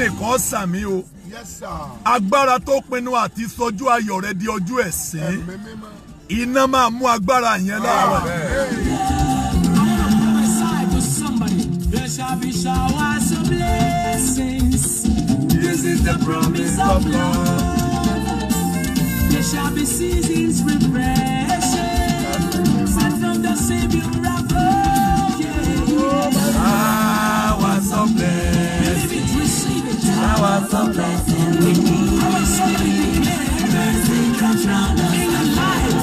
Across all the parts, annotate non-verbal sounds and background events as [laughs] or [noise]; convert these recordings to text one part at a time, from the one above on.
kẹ́nìkan sàmí o agbára tó pinnu àti sọjú ayọ̀ rẹ di ọjọ́ ẹ̀sín iná máa mú agbára yẹn láàárọ̀. There shall be seasons refreshing. Sent from the Savior. for blessing we need. Mercy comes round us. In the life,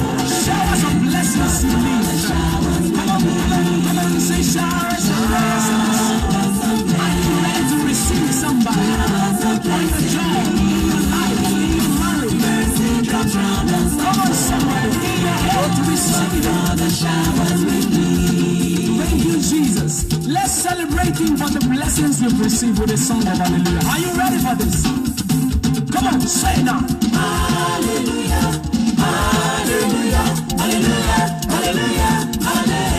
showers of blessings we need. Come on, come on, say showers of blessings. Are you ready to receive somebody? On your job, Come on, somebody, in your health, receive it. Let's celebrate Him for the blessings you've received with a song of hallelujah. Are you ready for this? Come on, say it now. Hallelujah, hallelujah, hallelujah, hallelujah, hallelujah.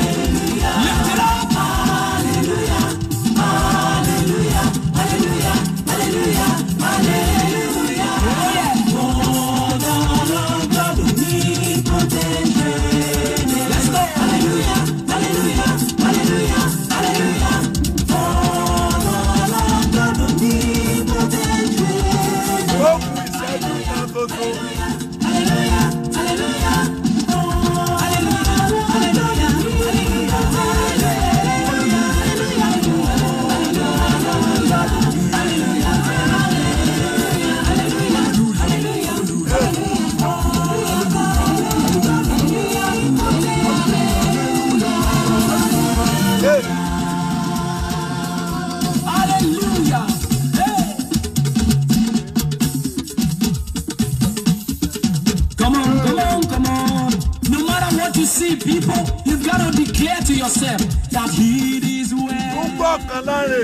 declare to yourself that he is well. ó gbọ́ kan láre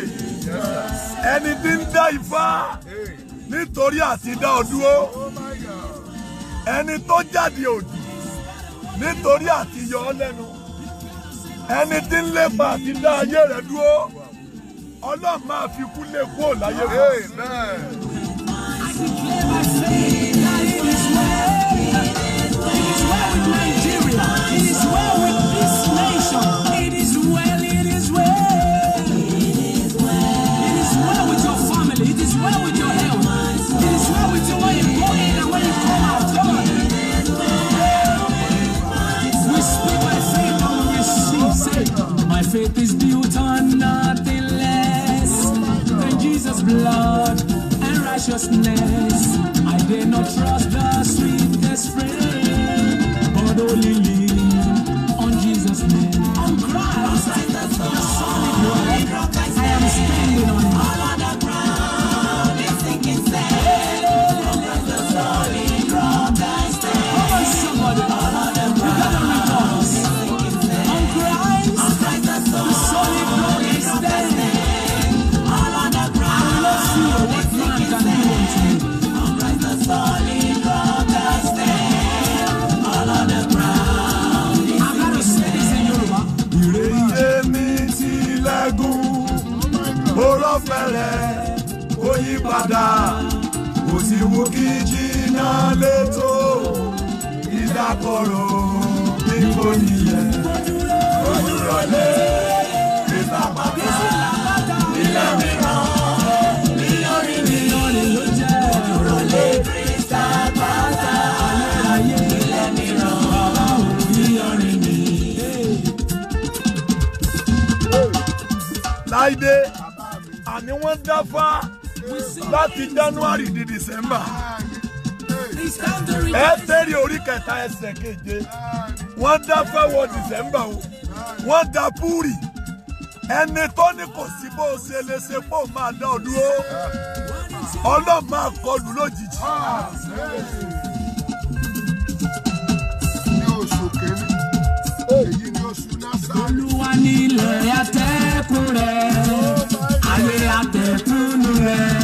ẹni tí ń dá ifá nítorí àti dá ọ dúró ẹni tó jáde òdì nítorí àti yọ ọ lẹ́nu ẹni tí ń lépa àti dá ayé rẹ dúró ọlọ́run máa fi kú lé e kúò láyé wọn. Lord and righteousness. I dare not trust the sweetest friend, but only padà kò sí wú kí jìnnà létò ìdákọ̀rọ̀ bí kò nìyẹn ojúrọ̀lé ìgbà padà ilé ilé mìíràn níyọrí láìdé àní wọ́n dáfá láti january di december ẹ tẹ́rì orí kẹta ẹsẹ̀ keje wọ́n dá fẹ́wọ́ december o wọ́n dá púrì ẹni tó ní kò sí bó ṣe lè ṣe pé ó máa dá ọ dúró ọlọ́run máa kọlù lójijì. olúwa nílẹ̀ atẹ́kùn rẹ̀ ayé atẹ́kùn rẹ̀.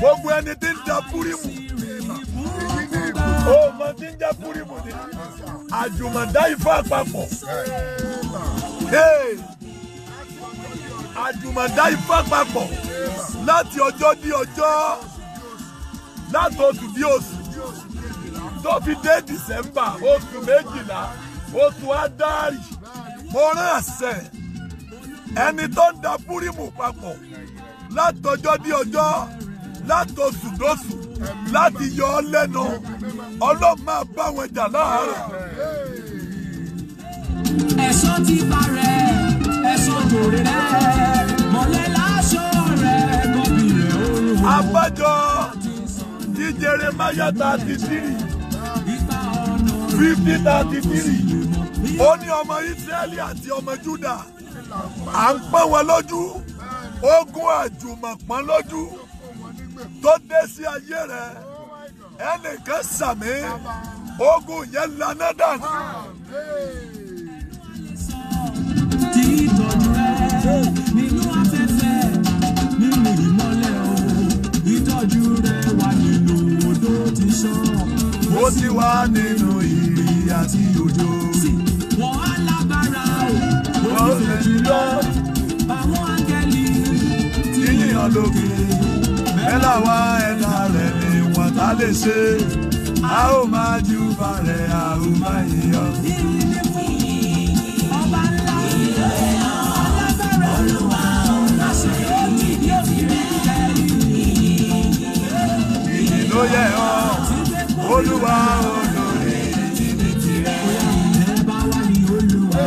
gbogbo ẹni tí ń da púrímù ọmọ tí ń jẹ púrímù ni àjùmọ̀dá ifá àpapọ̀ àjùmọ̀dá ifá àpapọ̀ láti ọjọ́ di ọjọ́ láti oṣù di oṣù tó fi dé dìsẹ́mbà oṣù méjìlá oṣù ádárì mo rán àṣẹ ẹni tó ń da púrímù papọ̀ látọjọ́ di ọjọ́ látòṣù dóṣù láti yọ ọ lẹ́nu ọlọ́run máa bá wọn jà láàárọ̀. ẹ̀sọ́ ti bá rẹ̀ ẹ̀sọ́ jòrè rẹ̀ mọ̀lẹ́ láṣọ rẹ̀ gọ́bì rẹ̀ olùwọ́. abájọ ti Jeremáyà thirty three fifty thirty three ó ní ọmọ Ísírẹ́lì àti ọmọ Júdà à ń pọ́n wọn lójú ogun àjùmọ̀pọ́n lójú tó dé sí ayé rẹ ẹnìkan sàmì ogun yẹn laná dànù. Nínú afẹ́fẹ́ nínú ìmọ́lẹ̀ o, ìtọ́jú rẹ̀ wà nínú odò tí sọ ó sì wá nínú ìrì àti òjò. wọ́n á lágbára o. wọ́n ó lè jùlọ. àwọn áńgẹ́lì. yíyan lókè ẹlà wa ẹlà rẹ̀ ni wọ́n ta lè ṣe a ó máa ju bàrẹ̀ a ó máa yíyọ. Ìyìn ló yẹ ọ́, Olúwa olórí ìdílé tirẹ̀. Ẹ wà ní Olúwa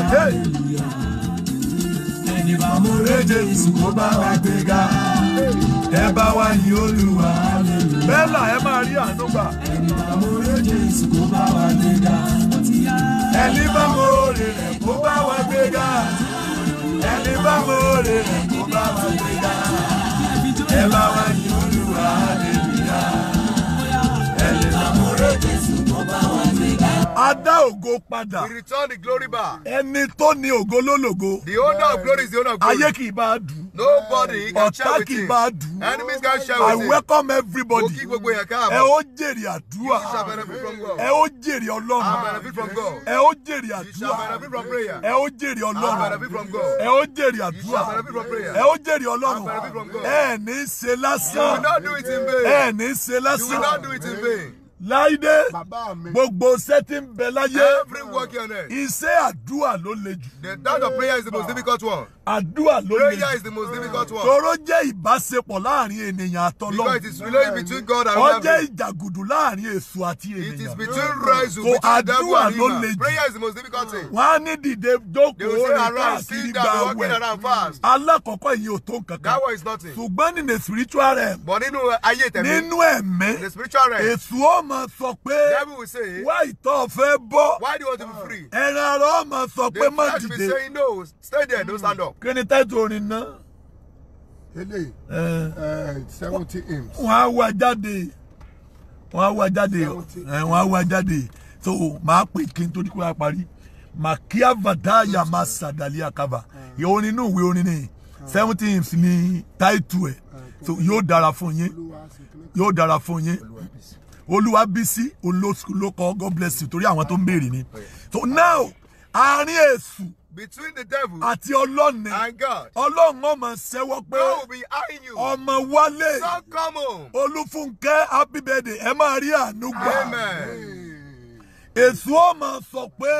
ẹni bá mú rédè tù kó bá wa gbéga ẹ bá wá ní olúwa hallelujah. bẹ́ẹ̀ là ẹ máa rí àánú gbà. ẹni bá mo rẹ jésù kó bá wa gbé ga. ẹni bá mo rẹ rẹ kó bá wa gbé ga. ẹni bá mo rẹ rẹ kó bá wa gbé ga. ẹ bá wá ní olúwa hallelujah. A dá ògo padà. We return the glory back. Ẹni tó ní ògo lólògo. The owner of glory is the owner of glory. Ayé kì í bá a dùn. Nobody can share with him. Ọ̀tá kì í bá a dùn. Enemies can share with him. I welcome everybody. Mo kí gbogbo yẹn káàbọ̀. Ẹ ó jèrè àdúrà. You shall benefit from God. Ẹ ó jèrè Ọlọ́run. I benefit from God. Ẹ ó jèrè àdúrà. You shall benefit from prayer. Ẹ ó jèrè Ọlọ́run. I benefit from God. Ẹ ó jèrè àdúrà. You shall benefit from prayer. Ẹ ó jèrè Ọlọ́run. I benefit from God. Ẹ ní ṣe lásán. You will not do it in vain. Ẹ ní ṣe lásán. You will not do it in vain láìdé gbogbo sẹ́tí ń bẹ láyé iṣẹ́ àdúrà ló le jù. the doubt of prayer is the most difficult one. àdúrà ló le jù. prayer is the most difficult one. toro jẹ́ ìbáṣepọ̀ láàrin ènìyàn àtọlọ́run. because it is related between God and man. ó ìjàgùdù láàrin èṣù àti ènìyàn. it is between rise and between devil and human. prayer is the most difficult thing. wọ́n á ní dìde jókòó rìn káàkiri gba àwẹ̀. alákọ̀ọ́kọ́ yìí ò tó nǹkan kan. that one is nothing. ṣùgbọ́n nínú spiritual realm. but nínú ayé tẹ̀mí. nínú ẹ̀mí. the spiritual realm máa sọ pé wá ìtọ́ fẹ́ bọ́. Why do you want to be free? ẹran ara máa sọ pé má dìde. stay there don't stand up. Hmm. kí ni táìtù orin náà. eléyìí eh, seventy hymns. wọ́n á wá jáde wọ́n á wá jáde eh, wọ́n á wá jáde so màá pè kí n tó dínkù láà parí màkíá vàdáyà máa sàdálì àkàbà ìwọ nínú ìwé orin ni ah. seventy hymns ni táìtù ẹ̀ ah, so yóò dára fún yín yóò dára fún yín. Olúwabísí olókọ God bless you torí àwọn tó ń béèrè ni so now àárín èṣù between the devil àti ọlọ́run and God. ọlọ́run ọmọ sẹ́wọ́ pé ọmọ wálé olúfúnkẹ́ happy birthday ẹ máa rí àánú gbà èso ọmọ sọ pé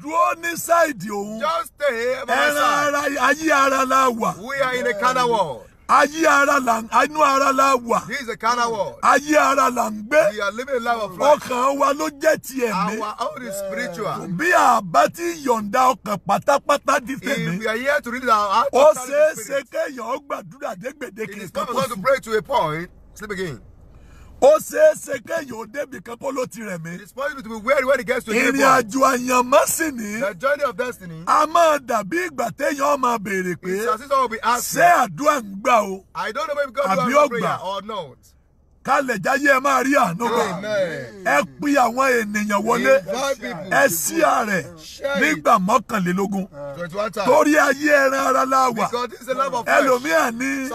dúró ní sáìdì òun ẹran ara ayé ara la wà Ayé ara la inú ara la wà. is the hmm. kind Ayé ara la ń gbé. We are living a life of life. Ọkàn wa ló jẹ́ ti ẹ̀mí. Our own is ti yọ̀ǹda ọkàn pátápátá di tẹ̀mí. we are here to read our heart. Ó ṣeé ṣe kéèyàn ó gbàdúrà dé kan. It is to pray to a point. Sleep again ó ṣeé ṣe kéèyàn débi kan kó ló ti rẹ̀ mí. it's possible to be where when it gets to your body. ìrìn àjò àyànmọ́ sì ni. the journey of destiny. a máa dàbí ìgbà téèyàn máa béèrè pé. it's as if someone be asking. ṣé àdúrà ń gbà o. I don't know if God will answer prayer or not. kálẹ̀ jáyé ẹ máa rí àánú gbà. ẹ pín àwọn ènìyàn wọlé. ẹ sí ààrẹ nígbà mọ́kànlélógún. torí ayé ẹran ara la because this is the love of flesh. ẹlòmíràn ni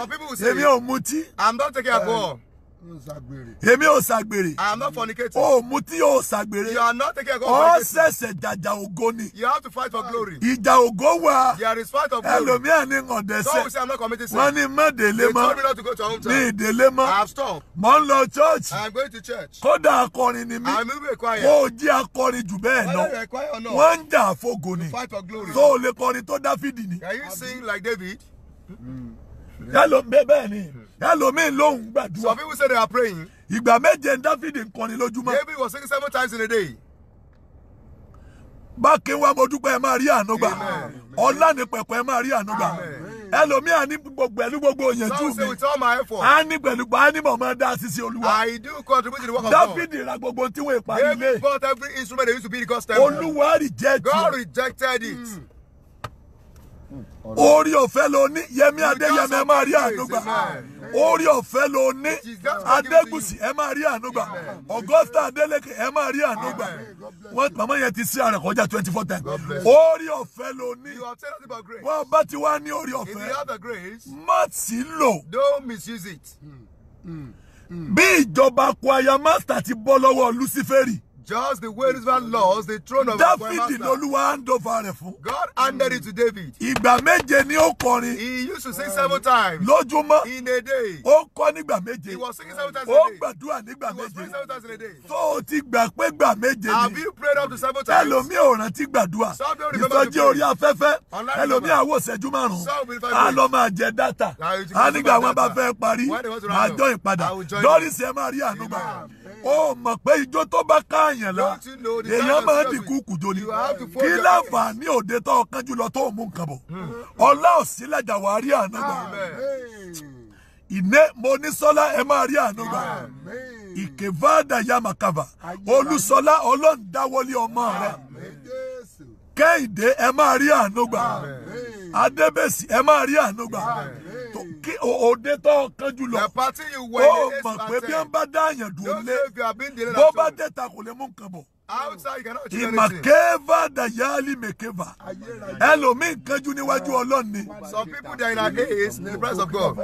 èmi ò mutí. I'm not taking alcohol. Um, èmi ò ṣàgbèrè. I am not fornicating. o mutí o ṣàgbèrè. you are not taking a call for fornication. ọ ṣẹ̀ṣẹ̀ jàjà ògo ni. you have to fight for glory. ìjà ògo wà. there is fight of glory. ẹlòmíà ni ń ọ̀dẹ́sẹ̀. some will say I am not committing sin. wọ́n ní mọ́ délé mọ́. they told me not to go to home town. ní ìdílé mọ́. I have stopped. mo ń lọ church. I am going to church. kódà akọrin ni mí. I am moving choir. kó o jẹ́ akọrin jù bẹ́ẹ̀ lọ. whether you are choir or not. wọ́n ń jà àfogò ni. to fight for glory. tó o lè kọrin tó Dáfídì ni. can you singing like David? yálò bẹ́ẹ̀ ni ẹlòmíì lòun gbàdúrà. some people say they are praying. ìgbà méje dáfídì ń kọrin lójúmọ́. David was singing seven times in a day. bákin wa mo dúpẹ́ ẹ máa rí àánú gbà ọlá ní pẹ̀pẹ́ ẹ máa rí àánú gbà ẹlòmíà ní pẹ̀lú gbogbo ìyẹ̀jú mi a ní pẹ̀lú pa á ní mọ̀ máa dá ṣíṣe olúwa dáfídì ra gbogbo tí wọ́n ìparí lé olúwa reject it. God rejected it. Mm orí ọ̀fẹ́ ló ní yẹmí adéyẹmí ẹ máa rí ànúgbà orí ọ̀fẹ́ ló ní adégùsì ẹ máa rí ànúgbà augusta adeleke ẹ máa rí ànúgbà wọn màmá yẹn ti sí àrẹ kọjá twenty four times orí ọ̀fẹ́ ló ní wọn bá ti wá ní orí ọ̀fẹ́ má sì lò. don't misuse it. bí ìjọba kwaya master ti bọ́ lọ́wọ́ lucifere. Just the way Israel laws. the throne of David our David God handed it to David. Ìgbà méje ni ó kọrin. He used to sing seven times. Lójúmọ́. In a day. Ó He was singing seven times a day. He was praying seven times in a day. So o ti gbà pé gbà méje Have you prayed up to seven times? Ẹlòmíì ò rántí gbàdúrà. Some don't remember to pray. Ìtọ́jú I was Ẹlòmíì àwọ̀ ṣẹ́jú márùn my Some will find a lọ máa jẹ dátà. A nígbà wọn bá fẹ́ parí. Àjọ ìpadà. Lórí ṣe máa rí ànúgbà ó mọ̀ pé ijó tó bá káàyàn la èèyàn máa di kúkú joni kí láǹfààní òde tó ọkàn jùlọ tó mú nǹkan bọ̀ hmm. ọlá òsínlẹ̀jà wà á àná gbà ìné mo ní sọ́lá ẹ máa rí àná gbà ìkèvádà yamakava olúsọlá ọlọ́ndáwọlé ọmọ rẹ kẹ́hìndé ẹ máa rí àná gbà adébẹ̀sì ẹ máa rí àná gbà kí òde tó kánjú lọ. the party you were in is pattern. ó mọ̀ pé bí wọ́n bá dá àyàn dùn lé bó bá dé ta kò lè mú nǹkan bọ̀ ìmàkẹ́fà dàyàlì mẹ́kẹ́fà ẹlòmíì kanjú níwájú ọlọ́run some people they are in their age the presence of God.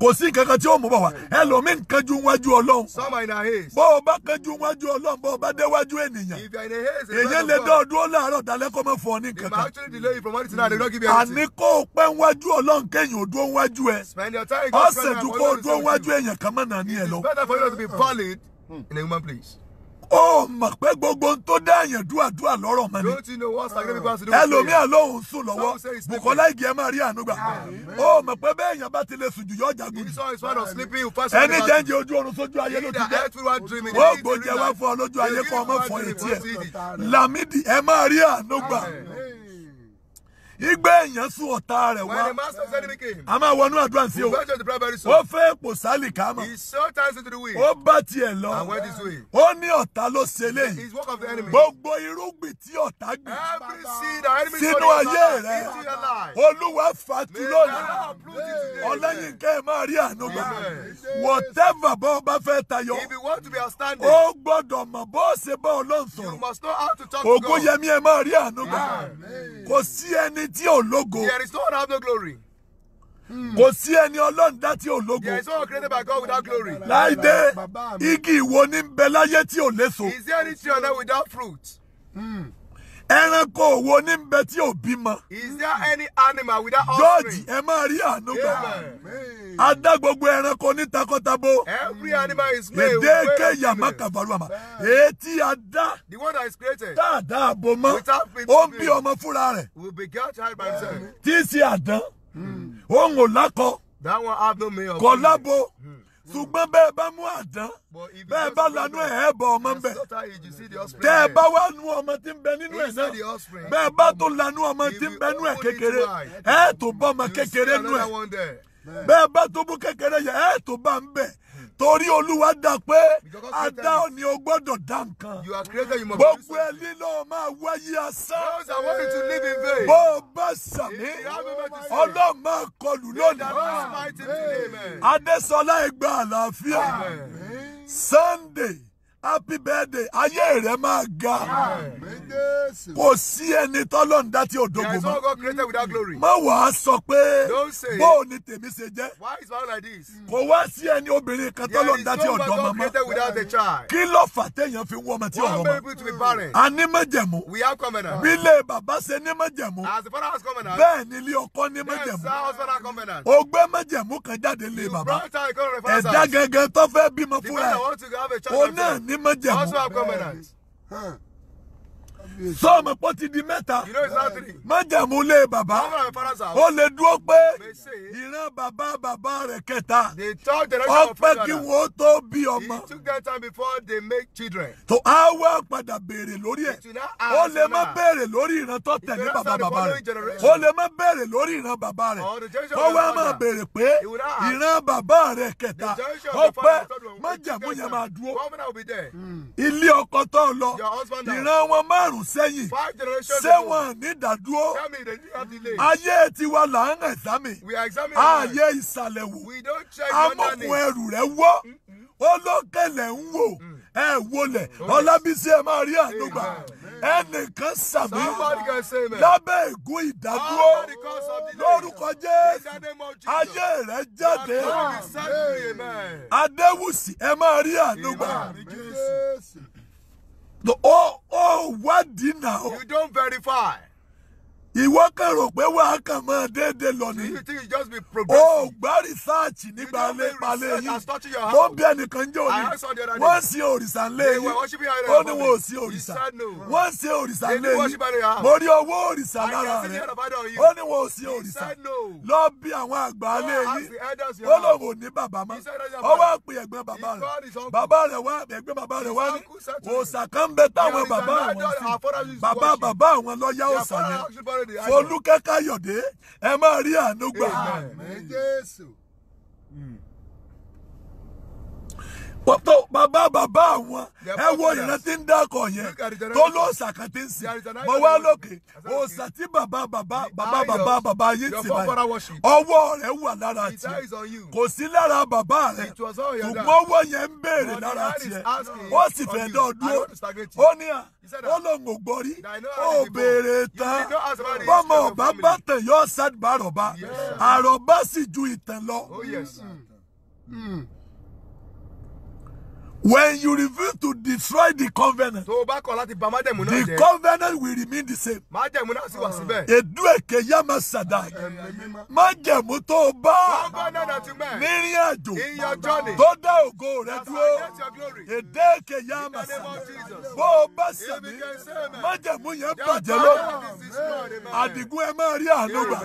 kò sí nǹkan kan tí ó mú bọ̀ wá ẹlòmíì kanjú níwájú ọlọ́run. some are in a haze. bó o bá kanjú níwájú ọlọ́run bó o bá déwájú ènìyàn. if you are in their age. èyí lè dán ọdún láàárọ̀ dalẹ́ kó mọ̀ fún ọ ní kankan. they may actually delay you from one thing to another they don't give you anything. àní kó o pẹ́ níwájú ọlọ́run kéèyàn ò dúró níwájú ẹ. better for you to be valid in a human place ó mọ̀ pé gbogbo tó dá èèyàn dúàdúà lọ́rọ̀ mọ́ ni ẹlòmíà lòun sùn lọ́wọ́ Bùkọ́lá Ìgè ẹ máa rí àánú gbà ó mọ̀ pé bẹ́ẹ̀ èèyàn bá ti lè sùn jù yọ jagun jù ẹni jẹ́njẹ́ ojú oorun sójú ayé ló ti jẹ́ ó gbòjẹ́ wá fún ọ lójú ayé kọ́ ọmọ fọ etí ẹ̀ Lámìdí ẹ máa rí àánú gbà igbe èèyàn sún ọ̀tá rẹ̀ wá a máa wọnú àdúrà sí o ó fẹ́ èpò sálì ká mọ̀ ó bá tiẹ̀ lọ ó ní ọ̀tá ló ṣe léyìí gbogbo irúgbìn tí ọ̀tá gbìn sínú ayé rẹ̀ olúwa fatu lónìí ọlẹ́yìnká ẹ̀ máa rí àánú gbà whatever bọ́ ọba fẹ́ tayọ ó gbọ́dọ̀ mọ̀ bó ṣe bá ọlọ́run sọ̀rọ̀ ògùn yẹmi ẹ̀ máa rí àánú gbà kò sí ẹni tí ò lógo. there is no one have no glory. Hmm. Kò sí ẹni Ọlọ́run dá tí ò lógo. There is no one created by God without glory. Láìdé, igi ìwo ní ń bẹ láyé tí ò léso. Is there any tree on earth without fruit? Mm. ẹranko òwò ní bẹ tí ò bímọ. is there any animal without gbogbo ẹranko ní takọtabo. every animal is made with male female. èdè kéyàmá kàfàrú àmà. etí adá. the one that is created. dáadáa àbò mọ́. ṣùgbọ́n bẹ́ẹ̀ bá mú àdán bẹ́ẹ̀ bá lanú ẹ̀ ẹ̀ bọ̀ ọmọ ń bẹ̀ bá wá nu ọmọ tí ń bẹ nínú ẹ̀ náà bẹ́ẹ̀ bá tó lanú ọmọ tí ń bẹ nínú ẹ̀ kékeré ẹ̀ tó bọ́ ọmọ kékeré nínú ẹ̀ bẹ́ẹ̀ bá tó bú kékeré yẹ ẹ̀ tó bá ń bẹ̀ torí olúwa dá pé adá ni o gbọ́dọ̀ dá nǹkan gbogbo ẹ lílọ máa wáyé asán bó o bá sàmì ọlọ́run máa kọlù lónìí adésọlá ẹgbẹ́ àlàáfíà Sunday happy birthday ayé rẹ máa ga kò sí ẹni tọ́lọ́ ń dá tí òdògbò mọ́ má wàá sọ pé bóò ni tèmi ṣe jẹ́ kò wá sí ẹni obìnrin kan tọ́lọ́ ń dá tí ọ̀dọ́ mọ́ mọ́ kí ló fà téèyàn fi ń wọ́n ọmọ tí ọ̀rọ̀ mọ́ a ní májẹ̀mú bí ilé bàbá ṣe ní májẹ̀mú bẹ́ẹ̀ ni ilé ọkọ ní májẹ̀mú ó gbé májẹ̀mú kan jáde ilé bàbá ẹ̀dá gẹ́gẹ́ tó fẹ́ bímọ fúnra ẹ̀ òun náà ní májẹ̀mú. house of Huh? sọ́ọ̀mù pọ́ ti di mẹ́ta májàmú lé bàbá ó lè dúró pé ìran bàbá bàbá rẹ̀ kẹta ó pẹ́ kí wọ́n tó bí ọmọ. tó a wá padà béèrè lórí ẹ̀ ó lè má béèrè lórí ìran tó tẹ̀lé bàbá bàbá rẹ̀ ó lè má béèrè lórí ìran bàbá rẹ̀ ó wá má béèrè pé ìran bàbá rẹ̀ kẹta ó pẹ́ májàmú yẹn máa dúró hmm. ilé ọkọ tó lọ ìran wọn márùn márùn sẹ́yìn ṣé wọn ní ìdádúró ayé tiwa là ń ẹ̀sámì ayé ìsàlẹ̀ wò amọ̀kùn ẹrù rẹ̀ wọ́ olókèlè ń wò mm. ẹ wọlé ọlábísí ẹ máa rí àdúgbà ẹnìkan sàmì lábẹ́ ègún ìdádúró lórúkọ jésù ayé rẹ jáde adéwùsì ẹ máa rí àdúgbà. The, oh, oh, what did now? You don't verify. Ìwọ kàn rò pé wàá kàn máa déédéé lọ ní. O gbá rìsáàcì nígbà lépalẹ̀ yìí. Mo bí ẹnìkan jẹ́ òní. Wọ́n sin òrìṣà lé yìí. Ó ní wọn ò sin òrìṣà. Wọ́n sin òrìṣà lé yìí. Mo rí owó òrìṣà lára rẹ̀. Ó ní wọn ò sin òrìṣà. Lọ bí àwọn àgbà lé yìí. Ó lòun ò ní bàbá mọ́. Ó wá pè ẹ̀gbọ́n bàbá rẹ̀. Bàbá rẹ̀ wá ẹ̀gbọ́n bàbá rẹ̀ wá ní. Òòṣà kan bẹ táwọn bàbá àwọn sí. Bàbá bàbá àwọn lọ yá òòṣà yẹn. Folúkẹ́ Káyọ̀dé ẹ máa rí àánú gbà. Amen. Amen. Amen tó bàbá bàbá àwọn ẹ wo ìran tí ń dákọ̀ yẹn tó ló ṣàkàn tí ń sìn mọ wá lókè òòṣà tí bàbá bàbá bàbá bàbá bàbá yìí ti báyìí ọwọ́ rẹ̀ wà lára tiẹ̀ kò sí lára bàbá rẹ̀ ṣùgbọ́n ọwọ́ yẹn ń béèrè lára tiẹ̀ ó sì fẹ́ dán dúró ó ní à ó lóun ò gbọ́ rí ó béèrè tán bọ́mọ ọ̀bá bá tẹ̀ yọ ṣàdùbà àrọ̀bá àrọ̀bá sì ju ìtàn lọ. Oh, hmm. Hmm when you refuse to destroy the covenant. tó o bá kọ̀ láti bà májẹ̀mú náà jẹ́. the covenant will remain the same. májẹ̀mú náà sì wà síbẹ̀. èdú èké yá máa ṣàdá. májẹ̀mú tó o bá. covenant ti mẹ́. nírìn àjò. in your journey. tó dá ògo rẹ dúró. èdè èké yá máa ṣàdá. bó o bá ṣàmì. májẹ̀mú yẹn bàjẹ́ lónìí. àdìgún ẹ máa rí àánú gbà.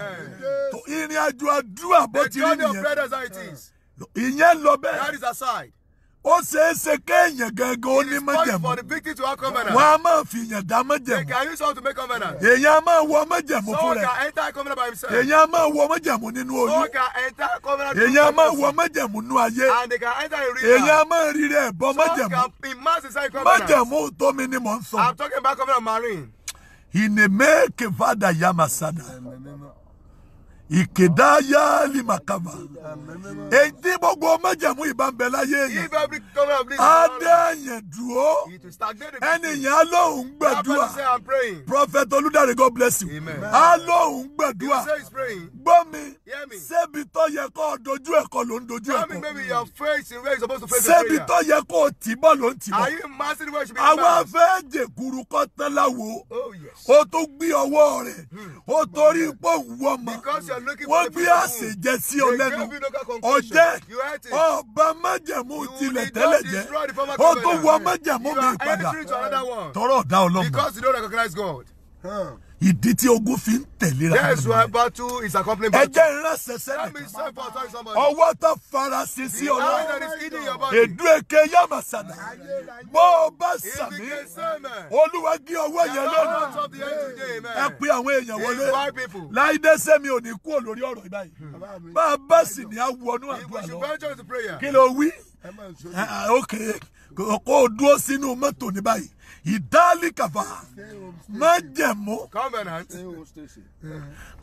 ìrìn àjò àdúrà bó ti rí nìyẹn. ìyẹn lọ bẹ́ẹ̀. that is aside ó ṣeé ṣe kéèyàn gangan ó ní májẹ̀mú. wọ́n á máa fi èèyàn dá májẹ̀mú. èèyàn á máa wọ májẹ̀mú fún rẹ̀. èèyàn á máa wọ májẹ̀mú nínú oyún. èèyàn á máa wọ májẹ̀mú nínú ayé. èèyàn á máa rí rẹ̀ bọ́ májẹ̀mú. májẹ̀mú tó mi ni mò ń sọ. He ne make vada yamasada ìkédáyà limakaba èyí gbogbo májẹ̀mú ìbá ń adé yẹn dúró ẹni yẹn á prophet olùdarí god bless you á lóun gbàdúrà gbọ́ tó yẹ kó o dojú ẹ̀kọ́ ló ń dojú ẹ̀kọ́ ṣebí tó yẹ kó o tì bọ́ ló ń tì bọ́ àwọn afẹ́ jẹ̀kuru kọ́ tán láwo o oh, tó gbé ọwọ́ rẹ̀ o hmm. torí pé òun wọ́ ma wọ́n gbé àsè jẹ sí ọ lẹ́nu ọjẹ́ ọba májẹ̀mú tilẹ̀ tẹ́lẹ̀ jẹ́ ó tó wọ májẹ̀mú mi padà tọrọ ọ̀dà ọlọ́mọ ìdí tí ogun fi ń tẹ̀léra. yes your battle is accompanied by. ẹjẹ ìránṣẹ́ sẹ́nìkan ọwọ́ tó farasin sí ọlọ́run èdú èké yamasana bó o bá sàmì olúwa gé ọwọ́ yẹn lónìí ẹ pé àwọn èèyàn wọlé láìdé sẹ́mi ò ní kú olórí ọ̀rọ̀ báyìí hmm. bá a bá sì ní awọnú àdúrà lọ kí ló wí ah, ah, ok kó o dúró sínú mọ́tò ní báyìí ìdálìkàfà májẹ̀mú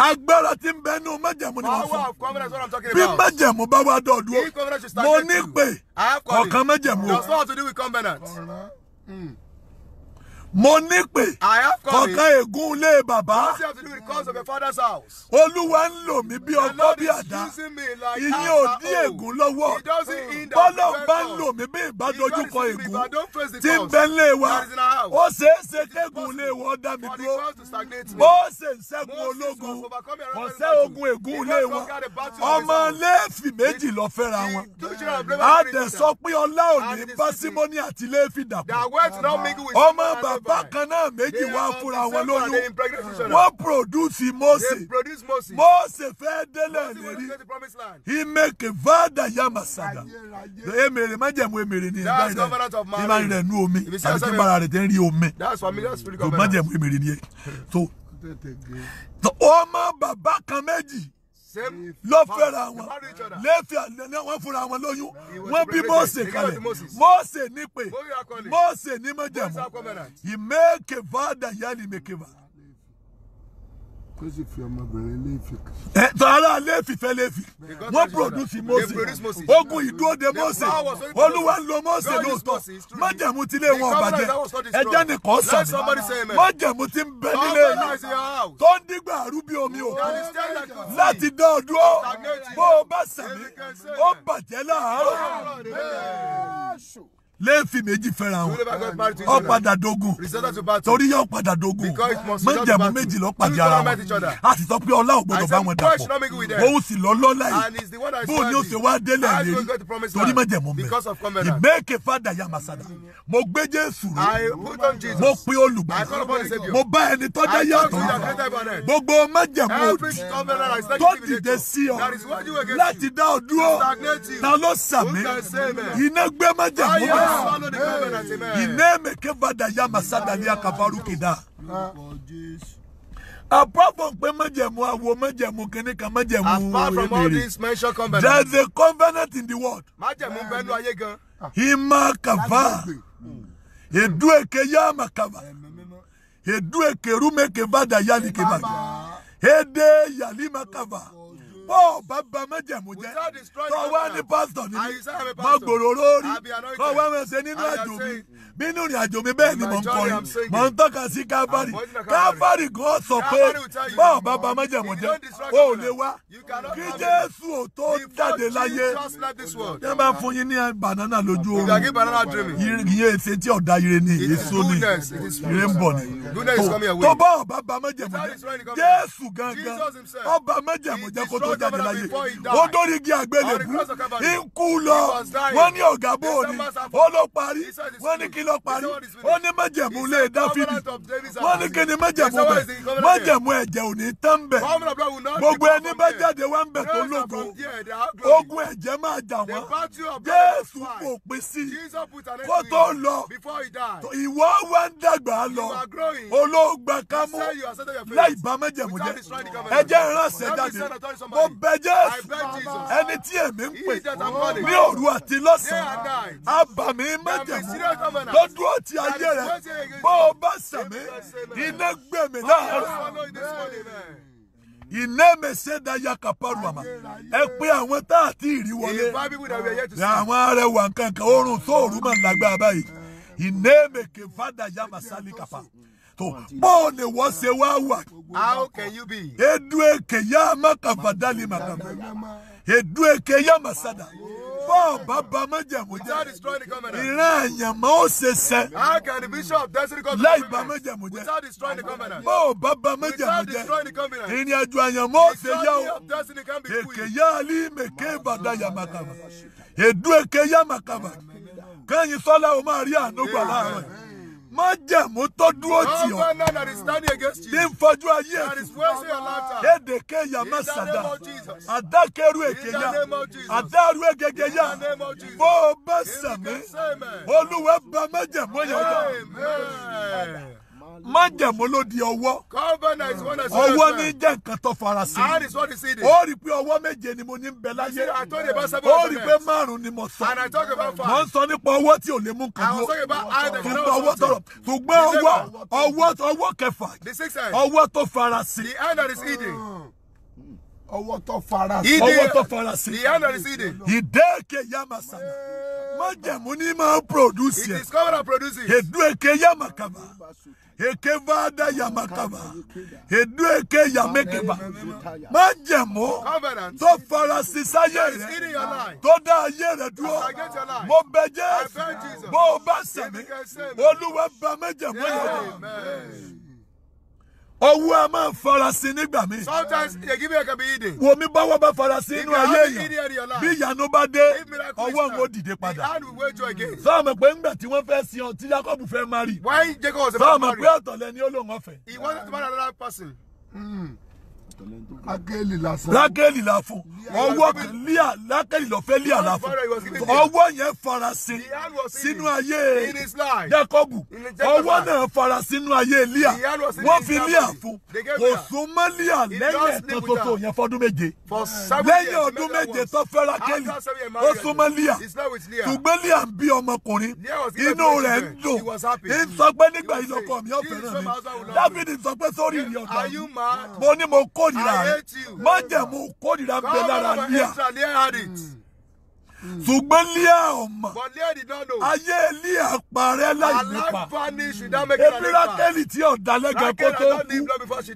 agbára tí ń bẹ nínú májẹ̀mú ni wọ́n fún bí májẹ̀mú bá wá dọ̀dúró mo ní pé ọ̀kan májẹ̀mú o mo ní pè kọ̀ọ̀kan ègún ilé bàbá. olúwa ń lò mí bí ọkọ bí àdá ìyẹn ò dí ègún lọ́wọ́ bọ́lọ̀ bá ń lò mí bí ìbádojúkọ ègún tí ń bẹ lé wa ó ṣeé ṣe kégún ilé wọn dá mi dúró bó ṣe ń ṣẹ́gun ológun kò ṣẹ́ ogun ègún ilé wọn ọmọ léèfì méjì lọ fẹ́ra wọn á dẹ̀ sọ pé ọlá òní bá símọ́nì àti léèfì dàpọ̀ ọmọ bàbá bákan náà méjì wá fúnra wọn lóyún wọ́n produce Mósè Mósè fẹ́ délẹ̀ lérí ìmẹ̀kẹ̀ fàdà yamasada emèrè májẹ̀mú emèrè ni ìgbà rẹ̀ ìgbà rẹ̀ nú omi àti kí bàrà rẹ̀ tẹ́ ń rí omi tó májẹ̀mú emèrè ni ẹ̀ [laughs] tó ọmọ bàbá kan méjì ló fẹ́ra wọn lẹ́fẹ̀ ni wọ́n fúnra wọn lóyún wọ́n bí Mósè kalẹ̀ Mósè nípe Mósè ní májẹ̀mú ìmẹ́kẹ̀fà dàyà ni mẹ́kẹ̀fà kọ́sìfì ọmọbìnrin léèfì. ẹ tọ́lá léèfì fẹ́ léèfì wọ́n produce Mósè ogun ìdúró de Mósè olúwa ń lo Mósè lóòótọ́ májẹ̀mú tí ilé wọn bàjẹ́ ẹjẹ́ nìkan sàmì májẹ̀mú tí ń bẹ nílé mi tó ń dígbà àrùbí omi o láti dá ọ dúró bó o bá sàmì ó bàjẹ́ láàárọ̀ léèfì méjì fẹ́ra wọn ó padà dogun torí yóò padà dogun májẹ̀mú méjì ló pàdé ara wọn a sì sọ pé ọlá ò gbọdọ̀ bá wọn dàpọ̀ òun sì lọ lọ́lá yìí bóun ni ó ṣe wá délẹ̀ lérí torí májẹ̀mú mi ìmẹ́ẹ̀kẹ́ fàdà yà màsàdà mo gbé Jésù rẹ̀ mo pe olùgbàlà mo bá ẹni tó dá yàtọ̀ rẹ̀ gbogbo májẹ̀mú òdì tó dìde sí ọ láti dá ọ dúró ta ló sàmì iná gbé májẹ̀mú rẹ̀. Amen. Apart from pé májẹ̀mú awo májẹ̀mú kínní kan májẹ̀mú èrè. Apart from all these mentioned covenants. There a covenant in the world. Májẹ̀mú bẹ́nu ayé gan. Ima kava. Edu eke yama kava. Edu eke rume keva da yali keva. Ede yalima kava bọ́ ọ̀bá bá májẹ̀mú jẹ́ tọ́ wá ní pásítọ̀ nínú mọ́ gbòòrò lórí tọ́ mẹ́sẹ̀ nínú àjò mi nínú ìrìn àjò mi bẹ́ẹ̀ ni mò ń kọrin mò ń tọ́ka sí káfárì káfárì gan sọ pé bá ọba bá májẹ̀mú jẹ́ o ò lè wá kí jésù ò tó jáde láyé yẹn bá fún yín ní banana lójú oorun ìyẹn èsè tí ọ̀dà ire ni èso ni ire ń bọ̀ ni tó bá ọba bá májẹ̀mú jẹ́ jésù gangan ọba májẹ̀mú jẹ́ kó tó jáde láyé ó dórí igi àgbélébú ń kú lọ wọ́n ní ọ̀gá bóòní ó ló parí wọ́n ní kí lọ parí ó ní májẹ̀mú lé dáfídì wọ́n ní kí ni májẹ̀mú bẹ̀ májẹ̀mú ẹ̀jẹ̀ ò ní tán bẹ̀ gbogbo ẹni bá jáde wá ń bẹ̀ tó lógo ogun ẹ̀jẹ̀ máa jà wọ́n jésù fòpin sí kó tó lọ ìwọ wá ń dàgbà lọ olóògbà kámú láì bá májẹ̀mú jẹ́ ẹ̀jẹ̀ ìránṣẹ́ jáde mo bẹ̀ jésù ẹni tí èmi ń pè ní òru àti lọ́sàn-án àbàmì májẹ̀mú lọ́dún ọtí ayé rẹ bó o bá sàmì iná gbẹ̀mí láàárọ̀ iná mẹsẹ̀dá ya kaparu àmà ẹ pé àwọn tá a ti rí wọlé ní àwọn arẹwà nkankan oorun sóòrù máa ń lágbára báyìí iná mẹkẹ fada ya masali kapa tó bọ́ọ̀ ni wọ́n ṣe wá wà. how can you be. edu eke ya amaka fadali maka edu eke ya masada. Yeah bọ́ọ̀ bàbá májẹ̀mú jẹ́ ìran àyànmọ́ ó ṣe sẹ́ láì bá májẹ̀mú jẹ́ bọ́ọ̀ bàbá májẹ̀mú jẹ́ ìrìn àjò àyànmọ́ ó ṣe yá o èkè yá alí mèké ìbàdàn yàmàkàmà èdú èké yàmàkàmà kẹ́yìn sọ́lá o máa rí àánú gbà láàárọ̀ yìí má jẹ̀mú tó dúró tì ọ́. ní nfọjú ayé ẹ̀kú. lédèké yàmá sàdá. àdákẹ́rù èké yá. àdáàrú egege yá. bó o bá sàmí. olúwa bá má jẹ̀mú yàrá májẹ̀mú ló di ọwọ́. is one that is one. ọwọ́ ní jẹ́ nǹkan tó farasin. that is what is it. ó rí i pé ọwọ́ méje ni mo ní bẹ láyé. I told you about seven. ó rí i pé márùn ni mo sọ. and I talk about five. mo ń sọ nípa ọwọ́ tí ò lè mú nǹkan dúró. I was talking about how the ground was tọrọ. ṣùgbọ́n ọwọ́ ọwọ́ ọwọ́ kẹfà. the sixth hand. ọwọ́ tó farasin. the hand is hidden ọwọ́ tó fara sí. ọwọ́ tó fara sí. ìyá ìdẹ́ẹ̀kẹ́ yamasana. májẹ̀mú ni máa ń produce yẹn. it is covered and producing ekevada yamakava edu eke yamekeva májẹ̀mú tó fara sisa ayé rẹ tó dá ayé rẹ dúró mo bẹ̀ Jésù bó o bá sẹ̀mí olúwa bà májẹ̀mú yẹn Ọwọ́ a máa farasin nígbà míì. Sometimes they give you a kabi ide. Wo mi bọ́wọ́ bá farasin inú ayé yẹn. Bí ìyanu bá dé, ọwọ́ ń wo dìde padà. The hand will wait you again. Sọ́ọ̀mù pé ńgbà tí wọ́n fẹ́ sin ọ, tí Jacob fẹ́ marry. Why Jacob was about to marry? Sọ́ọ̀mù pé ọ̀tọ̀ lẹni ó lòun ọ̀fẹ́. He wanted to marry another person. Mm rákẹ́lì la fún ọwọ́ kan líà rákẹ́lì lọ fẹ́ líà la fún ọwọ́ yẹn fara sí sínú ayé Jákọ́bù ọwọ́ náà fara sínú ayé líà wọ́n fi líà fún kò sún mọ́ líà lẹ́yìn ẹ̀tọ́ tuntun yẹn fọdún méje lẹ́yìn ọdún méje tó fẹ́ rákẹ́lì ó sún mọ́ líà ṣùgbọ́n líà ń bí ọmọkùnrin inú rẹ̀ ń dùn ń sọ pé nígbà ìlọkọ mi ọ̀fẹ́ràn mi Dáfídì sọ pé sórí ìrìn ọ̀dà mo ní mo kó kórìíra rẹ májẹ̀mú kórìíra ń bẹ lára Líà hmm. ṣùgbọ́n Líà ọ̀mà ayé Líà parẹ́ láì nípa ebi Rákélì tí ọ̀dà lẹ́gẹ̀ kó tó kú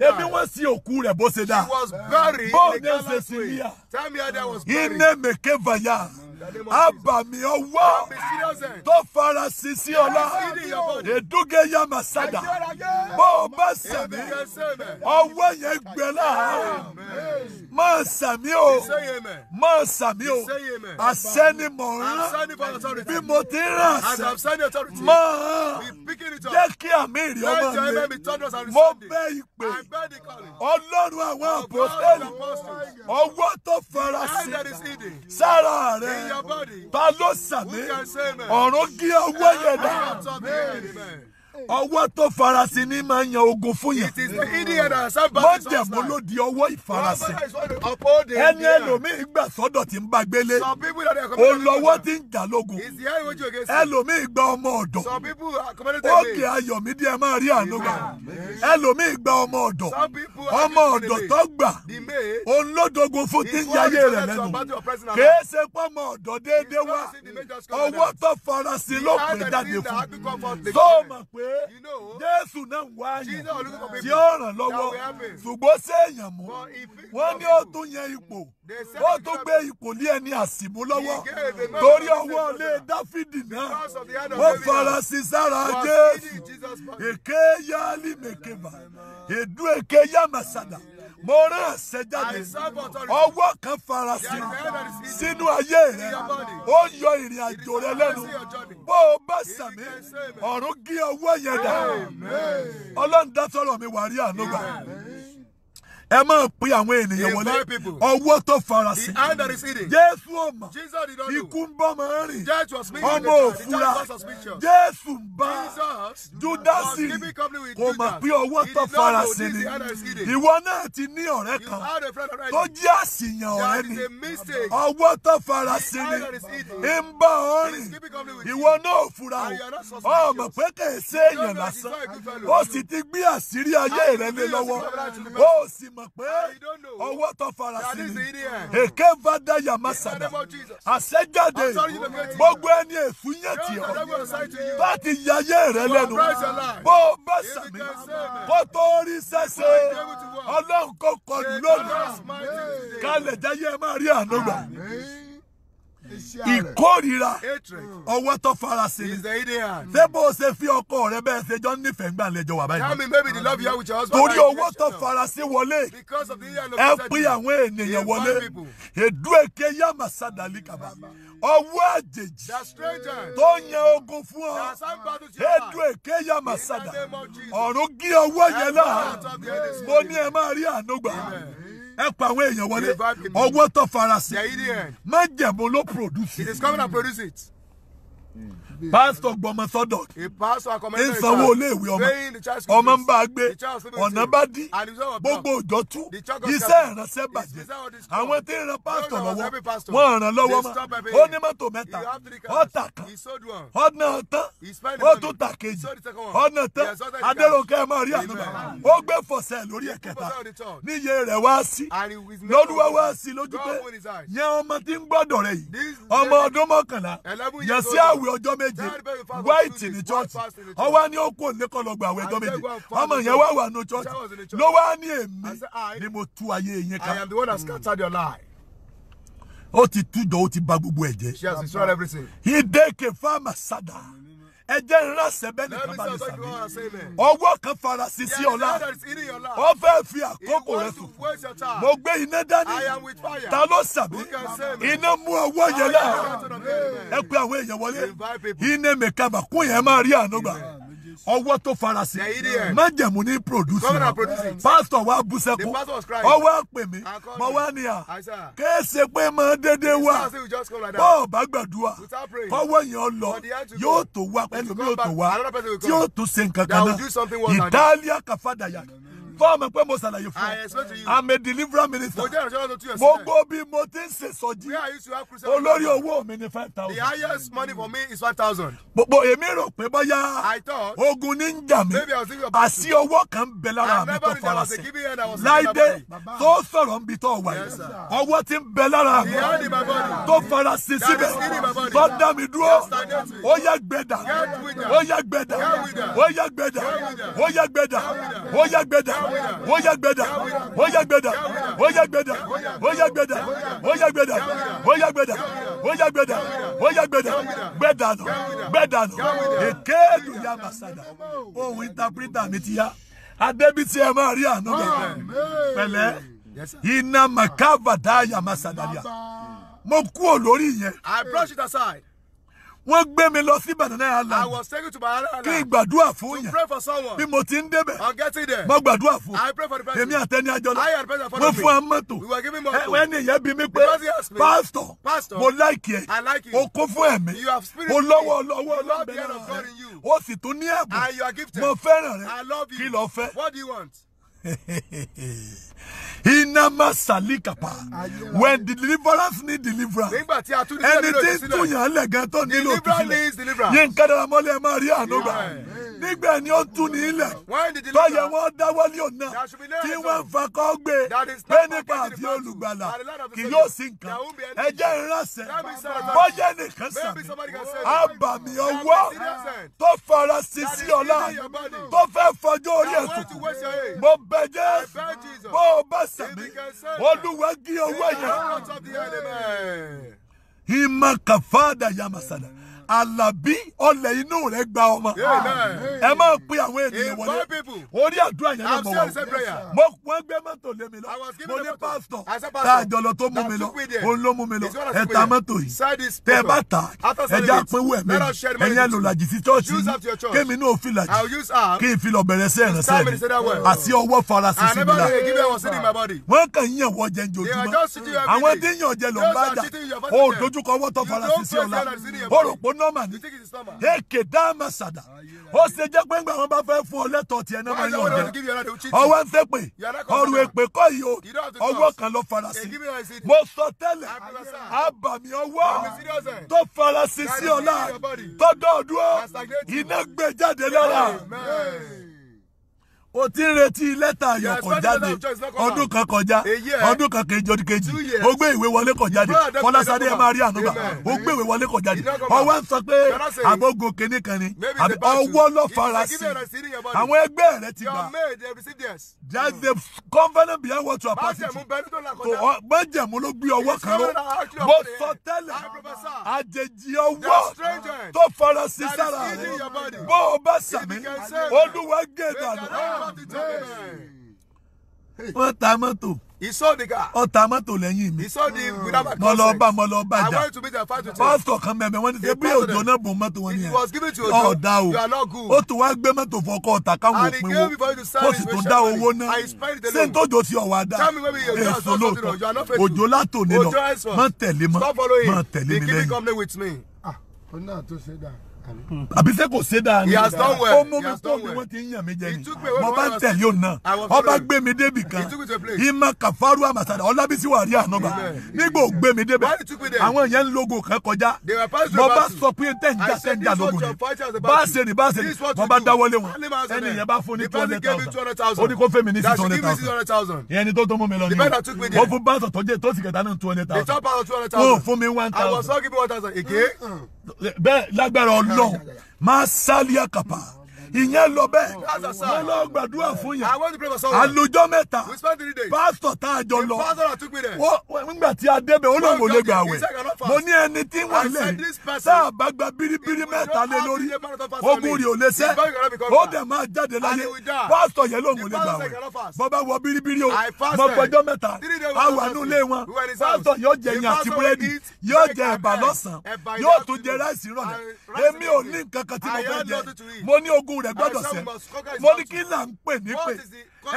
ebi wọ́n sí òkú rẹ̀ bó ṣe dá bóun ní ṣe sí Líà iná mèké vaya. Abami ọwọ́ tó fara sí sí ọlá èdúgẹ́ yá màsádà bó o bá sàmì ọwọ́ yẹn gbẹ láàárọ̀ máa sàmì o máa sàmì o àṣẹ ni mò ń rán bí mo ti ń rán àṣẹ máa jẹ́ kí àmì ìrì ọmọ mi mo bẹ́ ìpè ọlọ́run àwọn àpòtẹ́lì ọwọ́ tó fara sí sára rẹ̀ balósàmì ọ̀rọ̀ gíga wọ́yẹ̀dà ọwọ́ tó farasin ní máa ń yan ogun fún yàn. wọ́n jẹ̀mú lòdì ọwọ́ ìfarasin. ẹni ẹlòmíì gbà sọ́dọ̀ tí ń bá gbélé. òun lọ́wọ́ tí ń jà lógun. ẹlòmíì gba ọmọ ọ̀dọ̀. òkè ayọ̀mídìí ẹ máa rí àánú gbà. ẹlòmíì gba ọmọ ọ̀dọ̀. ọmọ ọ̀dọ̀ tó gbà. òun ló dogun fún tí ń yáyé rẹ̀ lẹ́nu. kèé ṣe pọ́mọ ọ̀dọ̀ déédéé wá. ọwọ́ tó farasin ló pè jáde fún. tó o mọ̀ pé pé Jésù náà ń wá yàn tí ó ràn lọ́wọ́ ṣùgbọ́n séèyàn mú wọ́n ní ó tún yẹ ipò ó tún gbé ipò lé ẹni àsìmú lọ́wọ́ torí ọwọ́ ilé Dáfídì náà wọ́n farasin sára Jésù èké yálì mèkèmà èdú èké yàmàsàdà mo rán àṣẹ jáde ọwọ́ kan farasin sínú ayé rẹ ó yọ ìrìn àjò rẹ lẹ́nu bó o bá sàmì ọ̀run gé ọwọ́ yẹn dà ọlọ́run dá sọ̀rọ̀ mi wà rí ànúgbà ẹ máa pe àwọn ènìyàn wọlé ọwọ́ tó farasin jésù ọmọ ikú ń bọ́ máa ń rìn ọmọ òfura jésù ń bá júdásì kò mọ̀ pé ọwọ́ tó farasin ni ìwọ náà ti ní ọ̀rẹ́ kan tó jẹ́ àṣìyàn ọ̀rẹ́ ni ọwọ́ tó farasin ni ń bá ọ rìn ìwọ náà fura o ọmọ pé kẹ̀ ẹ́ sẹ́yìn lásán ó sì ti gbé àṣírí ayé rẹ̀ lé lọ́wọ́ ó sì mọ̀ pé ah, ọwọ́ tó fara sí mi èké vada yamasada àṣẹjáde gbogbo ẹni èfúnyẹ́ tì ọ́ láti yayé rẹ lẹ́nu bó o bá sàmì kó tó rí sẹ́sẹ́ ọlọ́run kò kọlu lónìí kálẹ̀ jáyé máa rí àánú gbà ìkórira ọwọ́ tó farasin ni ṣé bó o ṣe fi ọkọ rẹ bẹ́ẹ̀ ṣe jọ nífẹ̀ẹ́ gbà lẹ́jọ́ wà báyìí torí owó tó farasin wọlé ẹ pín àwọn ènìyàn wọlé èdú èké yàmà sádàlì kàbá ọwọ́ àjèjì tó yan ogun fún ọ èdú èké yàmà sádà ọ̀run gé ọwọ́ yẹn náà mo ní ẹ máa rí àánú gbà ẹ pa àwọn èèyàn wọlé ọwọ́ tó farasin májẹ̀mú ló produce it. it is coming and produce it. Hmm pásítọ̀ gbọmọ sọ́dọ̀ ìsanwó iléèwé ọmọ ọmọ ń bá a gbé ọ̀nà bá dí gbogbo òjò tú iṣẹ́ ìránṣẹ́ bàjẹ́ àwọn tí ń ran pásítọ̀ lọ́wọ́ wọ́n ràn lọ́wọ́ mọ́ ó ní mọ́tò mẹ́ta ọ̀tà kan ọ̀nà tán ó tún tà kejì ọ̀nà tán adéròkè ẹ̀ máa rí àdúrà ó gbé fọ̀sẹ̀ lórí ẹ̀kẹta níye rẹ̀ wá sí lọ́dúnwá wá sí lójú pé yẹn ọmọ tí ń gbọ́dọ̀ rẹ̀ yìí ọmọ ọdún mọ́kànlá yẹ̀ sí àwẹ̀ ọjọ́ méjì méje white ní church ọwọ́ ni ó kò lẹ́kọ̀ọ́ lọ gba àwọn ẹjọ́ méje ọmọ yẹn wá wà ní church ló wá ní èmi ni mo tú ayé yẹn ká. I am the one that hmm. scattered your life ó ti tújọ ó ti bà gbogbo ẹ̀ ìdèkè fáàmà sádà ẹ jẹ́ ńlọ́sẹ̀ bẹ́ẹ̀ nìkan bá lè sàmì. ọwọ́ kan farasí sí ọ̀la ó fẹ́ fi àkókò rẹ sùn. mo gbé iná dání ta ló sàmì iná mú ọwọ́ yẹn láàárọ̀ ẹ pé àwọn èèyàn wọlé iná mẹ̀kàmà kún yẹn máa rí àánú gbà ọwọ́ tó farasin májẹ̀mú ní produce pásítọ̀ wa bú sẹ́kù ọwọ́ pè mí mọ wá ní à kéèsè pé máa dédé wá bọ́ ọ̀ bá gbàdúrà kọ́wọ́ yẹn lọ yóò tó wá pẹ̀lú mi ò tó wá tí yóò tó ṣe nǹkan kan náà ìdálẹ́ àkàfàdà yàrá kọ́ ọmọ pé mo ṣàlàyé fún ọ i'm a deliverer minister mo gbó bí mo ti ń ṣe sọjí olórí owó mi ni five thousand. the highest money for me is five thousand. gbogbo èmi rò pé bóyá ogun ní ń jà mí àṣì owó kan bẹ lára mi tó fara sí láìdé tó sọ̀rọ̀ nbí tó wà yìí ọwọ́ ti ń bẹ lára mi tó fara sí síbẹ̀ tó dá mi dúró ó yẹ gbẹdà ó yẹ gbẹdà ó yẹ gbẹdà ó yẹ gbẹdà ó yẹ gbẹdà ó yá gbẹdà ó yá gbẹdà ó yá gbẹdà ó yá gbẹdà ó yá gbẹdà ó yá gbẹdà ó yá gbẹdà ó yá gbẹdà gbẹdà nù gbẹdà nù èké dùn yá màsàdà ohun ìtàpírítà mi ti yá adébítì ẹ máa rí àánú gbẹgbẹ pẹ̀lẹ́ iná màkàvàdá yà màsàdà yà mo kú ò lórí yẹn. I brush it aside wọ́n gbé mi lọ sí banana island. I was taken to banana island. kí n gbàdúrà fún yẹn. to pray for someone. bí mo ti ń débẹ̀. I'm getting there. mo gbàdúrà fún. I pray for the person. èmi àtẹni àjọ náà. I had better follow me. mo fún amọ́tò. we were giving mọ́tò. ẹ ẹni yẹn bí mi pé. because he asked me. pastor. pastor mo like yẹ. I like you. o kún fún ẹ̀mí. you have spirit. o lọ́wọ́ lọ́wọ́ ọlọ́bẹ̀ náà rẹ. o sì tún ní ẹ̀bùn. and you are gifted. mo fẹ́ràn rẹ. I love you. kí lo fẹ́. what do you want? [laughs] inama salika pa. when deliverance need deliverance anything tún yàn án lẹ̀gẹ́ tó nílò tìfilẹ̀ yín kádàrà mọ́lẹ̀ ẹ máa rí àánú gbà nígbà ni ó tún ní ilẹ̀ tó yẹ wọ́n dáwọ́lé ọ̀nà tí wọ́n fa kọ́ gbé pé nípa àfi olùgbàlà kì yóò sí nǹkan ẹjẹ́ ìránṣẹ́ bọ́jẹ́ nìkan sàmì àbàmì ọwọ́ tó fara sí sí ọ̀la tó fẹ́ fọjọ́ orí ẹ̀sùn mo bẹ jẹ́ bó tó o bá sàmì olúwa gé ọwọ́ yẹn. ìmọ̀ kàfáàdà yà màsàlà. Àlàbí ọlẹ̀ inú rẹ̀ gba ọmọ. Ẹ máa pe àwọn ènìyàn wọlé. Orí àdúrà yẹn ló mọ̀ wọ́n. Mo wọ́n gbé mọ́tò lé mi lọ. Mo ní pásítọ̀ tá a jọlọ tó mú mi lọ. Òun ló mú mi lọ. Ẹ ta mọ́tò yìí. Tẹ bá ta ẹja pínwó ẹ̀ mi. Ẹ̀yin ẹ̀ lò làjì sí chọ́ọ̀chì. Kémi náà fi làjì. Kí n fi lọ bẹ̀rẹ̀ sí ẹ̀rẹ̀sẹ̀ mi. Àti ọwọ́ farasí sí mi la. Wọ́n kàn yàn wọ jẹ njojúmọ́. Àwọn tí yàn jẹ lọ bá dà. O dojúkọ ọwọ́ tó farasí sí ọ̀la. O rò pé normal ni èké dáàmà sàdà ó ṣe jẹ́ pé ńgbà wọn bá fẹ́ fún ọ lẹ́tọ̀ọ́ tiẹ̀ náà máa ń yàn jẹ́ ọwọ́ ń fẹ́ pé ọrùn èpè kọ́ yìí o ọwọ́ kan ló farasí mo sọ tẹ́lẹ̀ abàmì ah, ọwọ́ eh? tó farasí sí ọ̀la tọ́dọ̀ ọdún iná gbé jáde lára o ti ń retí lẹ́tà ayọ̀kọ̀ jáde ọdún kan kọjá ọdún kan kejì ọdún kejì o gbé ìwé wọlé kọ̀ jáde fọlásadé ẹ máa rí ànúgbà o gbé ìwé wọlé kọ̀ jáde ọwọ́ ń sọ pé àbógo kínní kan ni ọwọ́ lọ fara sí àwọn ẹgbẹ́ rẹ ti gbà Just the covenant behind what you are passing to májẹ̀mú ló gbé ọwọ́ kan ró mo sọ tẹ́lẹ̀ àjèjì ọwọ́ tó fara sí sára rẹ bó o bá sàmì olúwa gé dànù wọ́n mọ́tò. He sold the car. mọ́tò lẹ́yìn mi. He sold it without my consent. Mo lọ bá mo lọ bá jà. I went to meet her fight kan bẹ̀rẹ̀ wọ́n ní sẹ́ bí òjò náà bùn mọ́tò wọn nìyẹn. It was given to Ojo. Ọ̀dà o. You are not good. Ó tún wá gbé mọ́tò fọkọ ọ̀tà káwọn òpin wo. And he gave me for you to sign. Ó sì tún dá owó náà. Ṣé n tọ́jọ́ sí ọ̀wá dá? Tell me where your are not faithful. Òjò látò ní lọ. tẹ̀lé mọ́. Stop following. Má tẹ̀lé mi lẹ́yìn. with me. Ah, ó náà tó ṣe dáa àbí sẹ́ kò ṣe dáa ni ó mú mi kó mi wọ́n ti ń yàn mí jẹ ni mo bá ń tẹ̀lé òun náà ọba gbé mi débi kan ìmọ̀ kàfárú àmàsàdà ọlábísí wà rí ànábà nígbà ò gbé mi débẹ̀ àwọn yẹn ń logo kan kọjá mo bá sọ pé tẹ̀njà tẹ̀njà logo ni bá a ṣe ni bá a ṣe ni mo bá dáwọ́lé wọn ẹni yẹn bá fún ní two hundred thousand ó ní kó fẹ́ mi ní six hundred thousand ìyẹn ni tó tó mú mi lọ ni o mo fún báńsọ̀ tó sì kẹta náà two hundred thousand mo fún mi one thousand bẹ́ẹ̀ lágbára ọlọ́run máa sálíà kàpá ìyẹn lọ bẹ́ẹ̀ oh, mo lọ gbàdúrà fún yẹn àlùjọ mẹ́ta pásítọ̀ tá a jọ lọ nígbà tí a débẹ̀ ó lóun ò lè gbà wẹ̀ mo ní ẹni tí ń wà lẹ́yìn tá a bá gba biribiri mẹ́ta lé lórí ogun rè ò lè sẹ́ ó dẹ̀ máa jáde láyé pásítọ̀ yẹn lóun ò lè gbà wẹ̀ bọ́bá wọ biribiri o mo gbẹjọ́ mẹ́ta a wà ní ilé wọn pásítọ̀ yóò jẹ ẹyin àti búrẹ́dì yóò jẹ ẹ̀bà lọ́sàn-án yóò tún jẹ ráìsì rọ̀lẹ́ èmi ò ní nǹkan kan tí mo fẹ́ jẹ mo ní ogun rẹ gbọ́dọ̀ sẹ́ mo ní kí là ń pè ní pé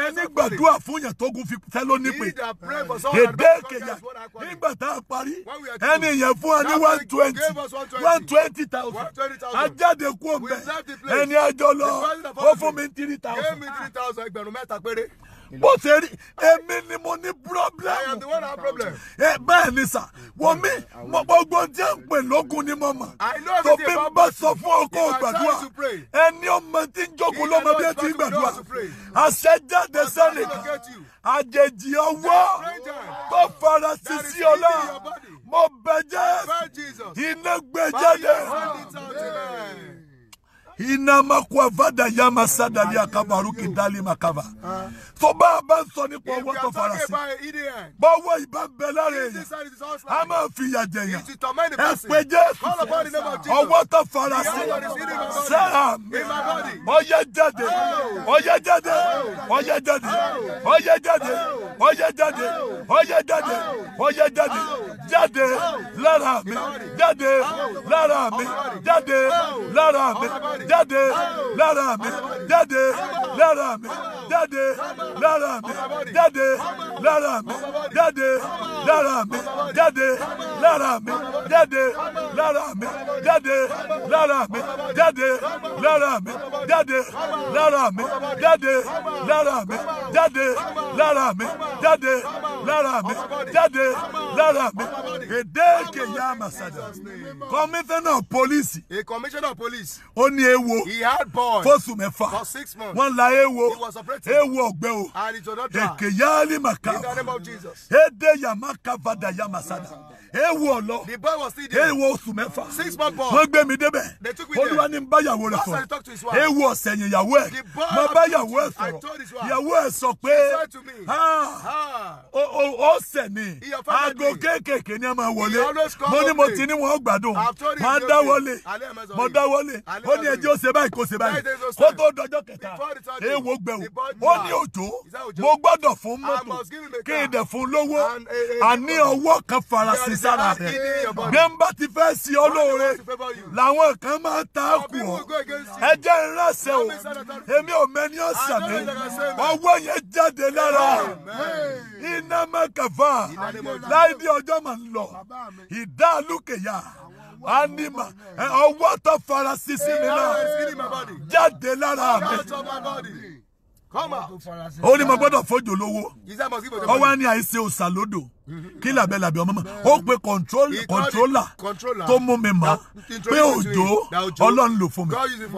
ẹni gbàdúrà fún yàn tógun fi fẹ́ ló ní pé èdè kẹyà nígbà tá a parí ẹni yẹn fún wa ní one twenty one twenty thousand ajáde kú ọ̀bẹ ẹni àjọ lọ ó fún mi three thousand bó ṣe rí èmi ni mo ní problem eh, bẹ́ẹ̀ ni sà wọ́n mi mo gbogbo jẹ́ ń pè lókun ni mo mọ̀ tó bí n bá sọ fún ọkọ gbàdúrà ẹni ọmọ tí ń jókòó lọ́mọ bí ẹ ti ń gbàdúrà àṣẹjáde sẹ́ni àjèjì ọwọ́ tó fara sí sí ọlá mo bẹ jẹ́ iná gbé jáde iná makwa vada yama sadali akabaruki dali makava. Ah. So bá a bá ń sọ nípa ọwọ́ tó fara sí bọ́wọ́ ìbá bẹ lára èèyàn a máa fi ìyà jẹ̀yàn ẹ pé Jésù ọwọ́ tó fara sí sáà mi ọyẹ jáde ọyẹ oh. jáde ọyẹ oh. jáde ọyẹ oh. jáde ọyẹ Jade ọyẹ jáde ọyẹ jáde jáde lára mi jáde lára mi jáde lára mi jáde lára mi jáde lára mi jáde lára mi jáde lára mi jáde lára mi jáde lára mi jáde lára mi jáde lára mi jáde lára mi jáde lára mi jáde lára mi jáde lára mi jáde lára mi jáde lára mi gbèdéke ya masada commissioner of police. a commissioner of police. ó ní ewo. he had boy. fóṣù mẹ́fà. for six months. wọ́n la ewo. he was operating. ewo ọ̀gbẹ́ o. Dekeyali makaba. Ede yamaka vada yamasada. Ewu ọlọ. Ewu oṣù mẹ́fà. Wọ́n gbé mi débẹ̀. Olúwa ni n bá yàwó rẹ̀ sọ̀rọ̀. Ewu ọ̀sẹ̀ yẹn yàwó ẹ̀. Mo bá yàwó ẹ̀ sọ̀rọ̀. Yàwó ẹ̀ sọ pé ó sẹ̀ ni aago kéékèèké ni a máa wọlé mo ní mo ti ní wọn gbádùn máa dá wọlé mo dá wọlé ó ní ẹjẹ́ ó ṣe báyìí kó ṣe báyìí kó tó dọjọ́ kẹta èèwọ̀ gbẹ̀wò ó ní òjò mo gbọ́dọ̀ fún mọ́tò kí n dẹ̀ fún lówó àní ọwọ́ kan farasin sára rẹ̀ gbẹ̀mbà ti fẹ́ sí ọ lóore làwọn kan máa ta kù ọ ẹjẹ́ ńlẹ́sẹ̀ o èmi ò mẹ́ni ọ̀sán mi ọwọ́ yẹn jáde lára iná lẹ́mẹ̀kẹ̀fà láìdí ọjọ́ mà ń lọ ìdálùkẹ̀yà anima ọwọ́ tó fara sisi mi náà jáde lára mi ó ní mo gbọ́dọ̀ fojú lówó ó wá ní àìsí òòsà lódò kí làbẹ́ làbẹ́ ọmọ mọ́ ó pe kọ̀ǹtrólà tó mú mi mọ́ pé òjò ọlọ́run lò fún mi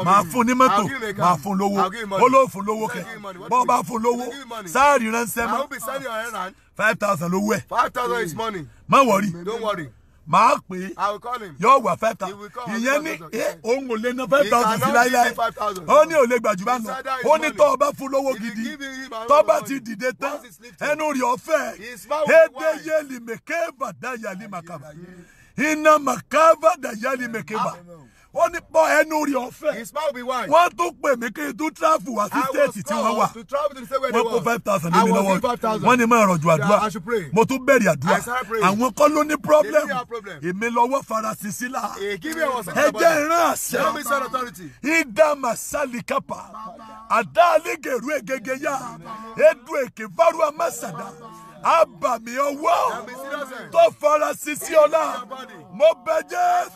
màá fún ní mọ́tò màá fún lówó ó lóò fún lówó kẹ bọ́ọ̀ bá fún lówó sáà rí ránṣẹ́ mọ́ five thousand lówó ẹ̀. five thousand is money. má wọrí. don't worry. màá pè é yóò wà five thousand ìyẹn eh, ní òun ò lè ná five thousand sí láyé ó ní ò lè gbàjú bá nà ó ní tọ́ ọba fún lówó gidi tọ́ bá ti dìde tán ẹnu rí ọ̀fẹ́ èdè yéli mèké bàdá yàlí màkàbà iná màkàbà dàyàlí mekeba ó ní pọ ẹnu rí ọ̀fẹ́. his mouth be wide. wọ́n tún pè mí kí n tún travel wá sí stéètì tí wọ́n wà. wọ́n kó five thousand lé mi lọ́wọ́ wọ́n ní máa rọ̀jò àdúrà mo tún bẹ̀rẹ̀ àdúrà àwọn kan ló ní problem èmi lọ́wọ́ farasin sílá. ẹ jẹ́ ìran àṣẹ ìdá màsálìkápá àdá àlégèrú ègègè yá edu èké fárú amásàdá àbàmì ọwọ́ tó fara sí sí ọlá mo bẹ jẹ́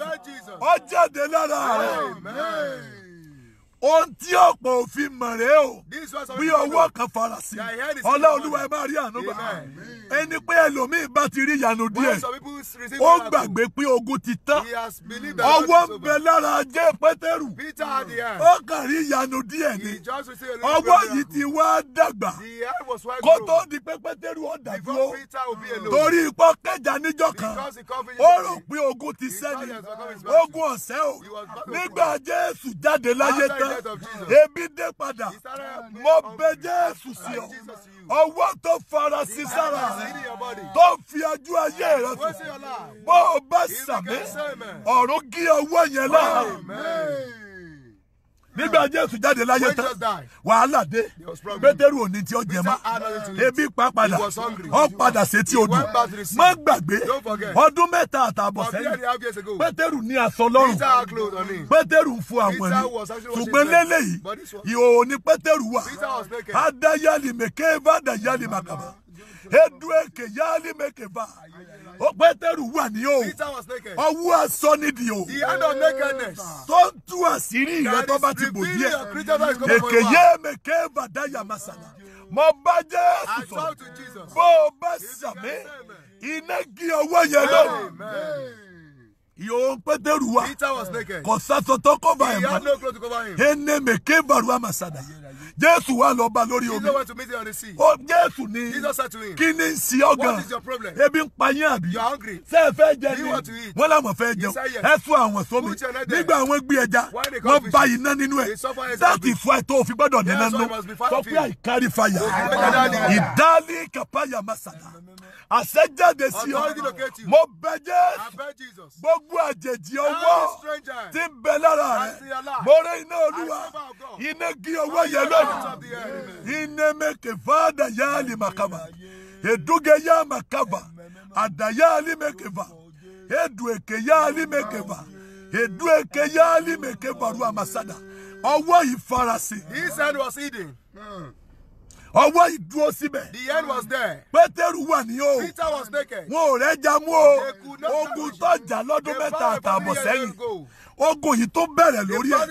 ọ jáde lára rẹ ohun tí ọ̀pọ̀ òfin mọ̀ rèé o bí ọwọ́ kan farasin ọlá olúwa ẹ máa rí àánú bá ẹni pé ẹlòmíín bá ti rí ìyanu díẹ̀ ó gbàgbé pé ogun ti tán ọwọ́ ń bẹ lára jẹ́ pétérù ó kàn rí ìyanu díẹ̀ ni ọwọ́ yìí ti wá dàgbà kó tó di pé pétérù ọ̀dà dúró torí ipò kẹjà níjọ́ kan ó rò pé ogun ti sẹ́ni ogun ọ̀sẹ́ o nígbà jésù jáde láyé tán ebi dé padà ah, mo bẹ Jésù sí ọ ọwọ́ tó fara sí sára tó fi ojú ayé rẹ tó bó o bá sàmì ọ̀run gé ọwọ́ yẹn láàrú nígbà jésù jáde láyé tán wàhálà dé pétérù ò ní tí ó jẹ mọ́ ebi pa padà ó padà sétí odò má gbàgbé ọdún mẹ́ta àtààbọ̀ sẹ́yìn pétérù ní aṣọ lọ́rùn pétérù ń fún àwọn ẹni ṣùgbọ́n lélẹ́yìí ìhòòhò ni pétérù wà á dá yálì mẹ́kẹ́ bá dá yálì màkàbà edu eke yaali meke va o Pétérù wà ní o ọwọ́ aṣọ nídìí o tó ń tú àṣírí rẹ tó bá ti bò díẹ̀ èké yé meke vada yamasala mo bá Jésù sọ bó o bá sàmì iná gé ọwọ́ yẹn lọ. Yo Peteru wa. Peter was naked. He had no cloth to cover him. Ene meke barua masada. Jésù wá lọ bá lórí omi. Jesus went to meet him on the sea. O Jésù ni. Jesus said to him. Kí ni ń What is your problem? Ebi ń pa yín àbí. You are hungry. Ṣé ẹ fẹ́ jẹ ni? Wọ́n làwọn fẹ́ jẹun. Ẹ sún àwọn sómi. Nígbà àwọn gbé ẹja, wọ́n bá iná nínú ẹ̀. That is why tó fi gbọ́dọ̀ nínú nù. Sọ pé I carry fire. Ìdálé kàpáyà masada. Àṣẹjáde sí ọ. Mo bẹ Jésù. Gbogbo gbogbo àjèjì ọwọ́ tí ń bẹ lára rẹ mo rẹ iná olúwa iná gé ọwọ́ yẹn lónìí iná mẹ́kẹ̀ fáadà yá àlè màkàbà èdúgẹ yá màkàbà àdà yá àlè mẹ́kẹ̀fà èdù èkè yá àlè mẹ́kẹ̀fà èdù èkè yá àlè mẹ́kẹ̀fà ru àmàsádà ọwọ́ yìí farasin. he said was hidden. Mm ọwọ́ ìdúró síbẹ̀. the end was there. pétérù wà ní o. peter was naked. wọn ò rẹ́jà mú o. ogun tó jà lọ́dún mẹ́ta àtààbọ̀ sẹ́yìn ogun yìí tó bẹ̀rẹ̀ lórí ẹ̀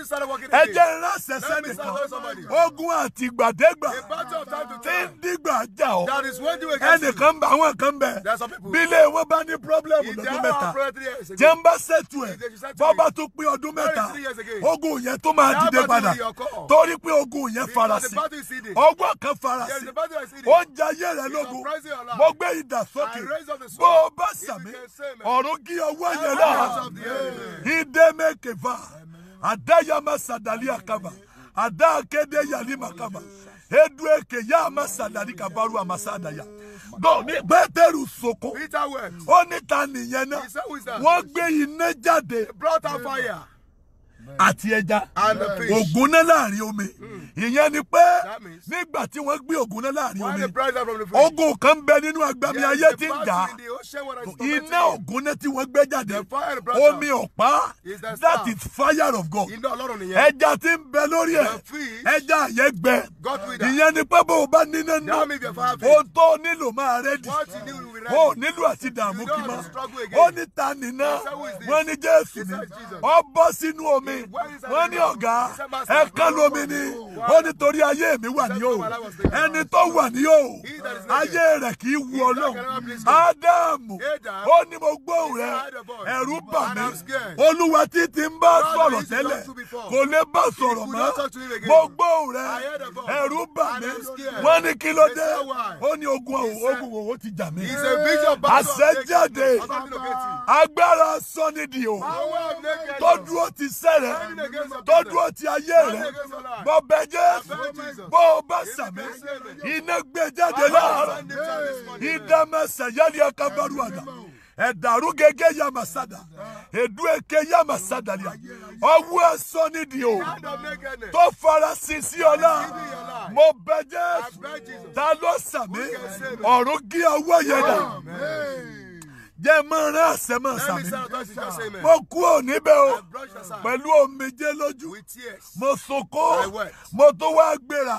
ẹ jẹ́ ránṣẹ́ sẹ́nìkan ogun àti ìgbàdégbà tí ń dìgbà jà ọ́ ẹnìkan bá àwọn kan bẹ̀ bílé wọn bá ní pírọ́blẹ́mù lọ́dún mẹ́ta jẹ́ ń bá ṣètò ẹ̀ bọ́bá tó pín ọdún mẹ́ta ogun yẹn tó máa dìde padà torí pé ogun yẹn farasí ọgbọ́n kan farasí ó ń jayé rẹ̀ lógun mo gbé idà sókè bó o bá sàmì ọ̀run kí ọwọ́ yẹn náà ìdè mẹ́rin keva adayama sadalia kaba adakede yalima kaba edueke ya amasadali kabaru amasadaya gbọ́ ní bẹ́tẹ̀rù soko ó níta nìyẹn náà wọ́n gbé iná jáde. brought fire àti ẹja ògùn náà láàrin omi hmm. ìyẹn ni pé nígbà tí wọ́n gbé ògùn náà láàrin omi ogun kan bẹ nínú agbami ayé tí ń jà iná ògùn náà tí wọ́n gbé jáde omi ọ̀pá that is fire of God ẹja tí ń bẹ lórí ẹ ẹja yẹn gbẹ ìyẹn ni pé bó o bá níná ná o tó nílò máa rẹ́dì o nílò àti dààmú kí n ma ó ní ta nìna wọ́n ní Jésù ní ọ bọ́ sínú omi mi wọ́n ní ọ̀gá ẹ kán lómi ni ó nítorí ayé mi wà ní o ẹni tó wà ní o ayé rẹ̀ kì í wu ọlọ́run ádámù ó ní mo gbóhùn rẹ ẹ̀rù bà mí olúwa títí ń bá sọ̀rọ̀ tẹ́lẹ̀ kò lè bá sọ̀rọ̀ mọ́ mo gbóhùn rẹ ẹ̀rù bà mí wọ́n ní kí ló dé ó ní ogun ogun òwò ti jà mí àṣẹ agbára sọ́ni di o tó dúró ti sẹ́rẹ̀ rẹ tó dúró ti ayé rẹ mo bẹ̀ Jésù bó o bá sàmì iná gbé jáde láàárọ̀ ìdámẹ́sẹ̀ yẹ́lì ẹ̀ka bọ́ọ̀rù àdá ẹ̀dàrú gẹ́gẹ́ yamasada èdú èké yamasada lẹ́yà ọwọ́ ẹ̀sọ́ nídìí o tó farasin sí ọlá mo bẹ̀ Jésù ta ló sàmì ọ̀run gé ọwọ́ yẹn dà jẹ́ mọ́ sami, àṣẹ mọ́ sàmì. mo kú ò níbẹ̀ o pẹ̀lú omijé lójú mo sọkó mo tó wá gbéra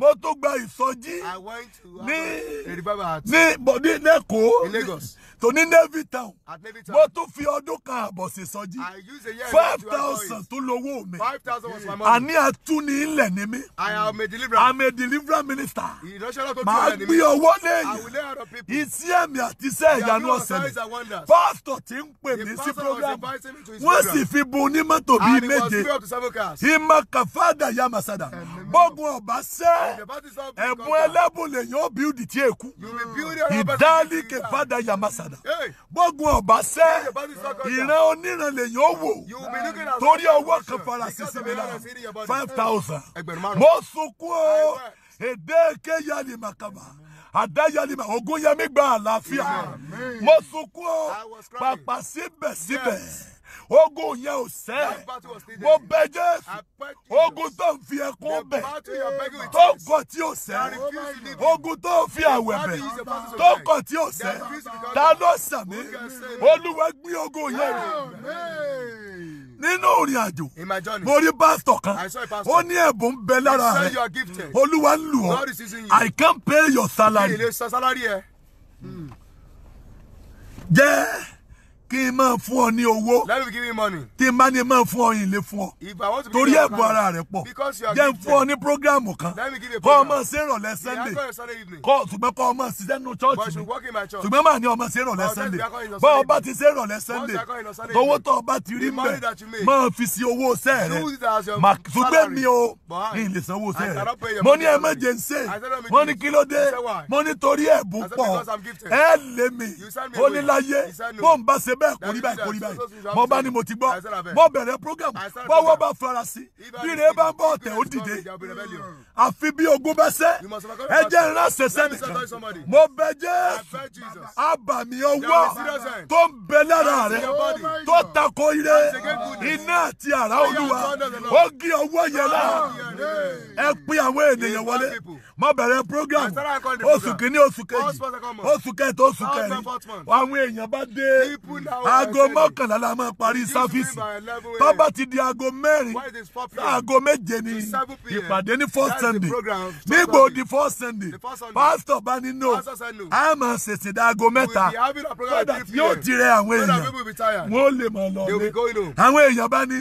mo tó gba ìsọjí uh, ní ní bọ̀dí lẹ́kọ̀ọ́ tòní navy town mo tún fi ọdún kan àbọ̀ ṣe sọjí five thousand tó lówó mi àní àtúni ilẹ̀ ni mí I'm a deliverer minister màá gbé ọwọ́ lẹ́yìn iṣẹ́ mi àti iṣẹ́ ìyanu ọ̀sẹ̀ mi Pastor, tí ń pè mí sí program wọ́n sì fi bùn ní mọ́tò bíi méje ìmọ̀ kàfádà yà màsàdà bọ́gun ọ̀bá sẹ́ ẹ̀bùn ẹlẹ́bùn lèyàn ó bíúdì tí èkú ìdálì kẹfádà yà màsàdà padà bọ́gun ọ̀bá sẹ́ ìran oníran lèyìn ó wò torí ọwọ́ kan fara sísí mi lára five thousand mo sunkún o èdè kéyàlì màkàmà àdáyálìmọ̀ ògúnyẹmí gba àlàáfíà mo sunkún o pàpà síbẹ̀síbẹ̀ ogun yẹn ò sẹ́ mo bẹ jésù ogun tó ń fi ẹkún bẹ̀ tó ń kọ̀ tí ò sẹ́ ogun tó ń fi àwẹ̀ bẹ̀ tó ń kọ̀ tí ò sẹ́ ta ló sàmì olúwa gbé ogun yẹn rẹ̀ nínú òrìn àjò mo rí pastor. kan ó ní ẹ̀bùn ń bẹ lára rẹ̀ olúwa ń lù ọ́ I can't pay your salary. jẹ́. Yeah kí n máa fún ọ ní owó. let me give you money. tí n bá ní máa fún ọ yìí lè fún ọ. if I want to be torí ẹ̀bùn ara rẹ̀ pọ̀ jẹ́ n fún ọ ní programu kan kọ́ ọmọ sí ìrọ̀lẹ́ sunday kọ́ ṣùgbọ́n kọ́ ọmọ ṣiṣẹ́ nínú church mi ṣùgbọ́n máa ní ọmọ sí ìrọ̀lẹ́ sunday bọ́ ọba ti sí ìrọ̀lẹ́ sunday tọwọ́ tọ́ ọba ti rí mbẹ́ máa fi sí owó sẹ́ rẹ̀ ṣùgbọ́n mi ò ní lè sanwó sẹ́ rẹ̀ mo ní emergency mo ní kílódé mo ní torí ẹ̀bùn pọ̀ ẹ̀ lé mi ó ní láyé bó ń bá ṣe bẹ́ẹ̀ kò rí báyìí kò rí báyìí mo bá ní mo ti gbọ́ mo bẹ̀rẹ̀ program bọ́wọ́ bá fara sí bíire bá ń bọ̀ ọ̀tẹ̀ ó dìde àfi bí ogun bẹ́ sẹ́ ẹ jẹ́ ńlá ṣẹṣẹ́ nìkan mo bẹ jẹ́ abàmì ọwọ́ tó ń bẹ lára rẹ tó tako ire iná àti àrà olúwa ó gé ọwọ́ yẹn ah, lára ẹ pín àwọn ènìyàn wọlé mo bẹ̀rẹ̀ program oṣù kìíní oṣù kejì oṣù kẹta oṣù kẹrin àwọn èèyàn bá dé aago mọ́kànlá la máa parí sáfíìsì tó bá ti di aago mẹ́rin aago méje ni ìpàdé ní first sunday nígbò di first sunday pásítọ̀ bá ní no a máa ṣèṣìn dá aago mẹ́ta kódà yóò tirẹ̀ àwọn èèyàn wọn ò lè mọ̀ lọ́ọ́ lé àwọn èèyàn bá ní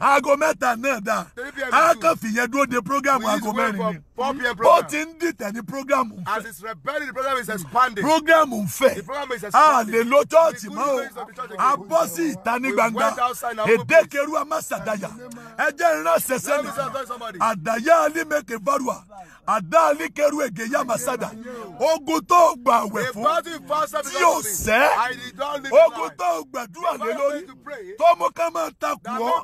aago mẹ́ta náà dá a kàn fìyẹn dúró the program we and to marry me. four pm program. ó ti ń dìtẹ̀ program as it's rebelling the program is expanding. program ń the program is expanding. a lè lo chọ́ọ̀tì mọ́ o a bọ́ sí ìta ní gbangba èdèkèrú amásàdáyà ẹjẹ́ ìran ṣẹṣẹ́ ni àdáyà alimẹ̀kẹ̀ varua àdá alikẹ̀rú ẹ̀gẹ̀ yamasada ogun tó gbà wẹ̀ fún tí yóò sẹ́ ogun tó gbàdúrà lé lórí tó mú ká máa takùn ọ́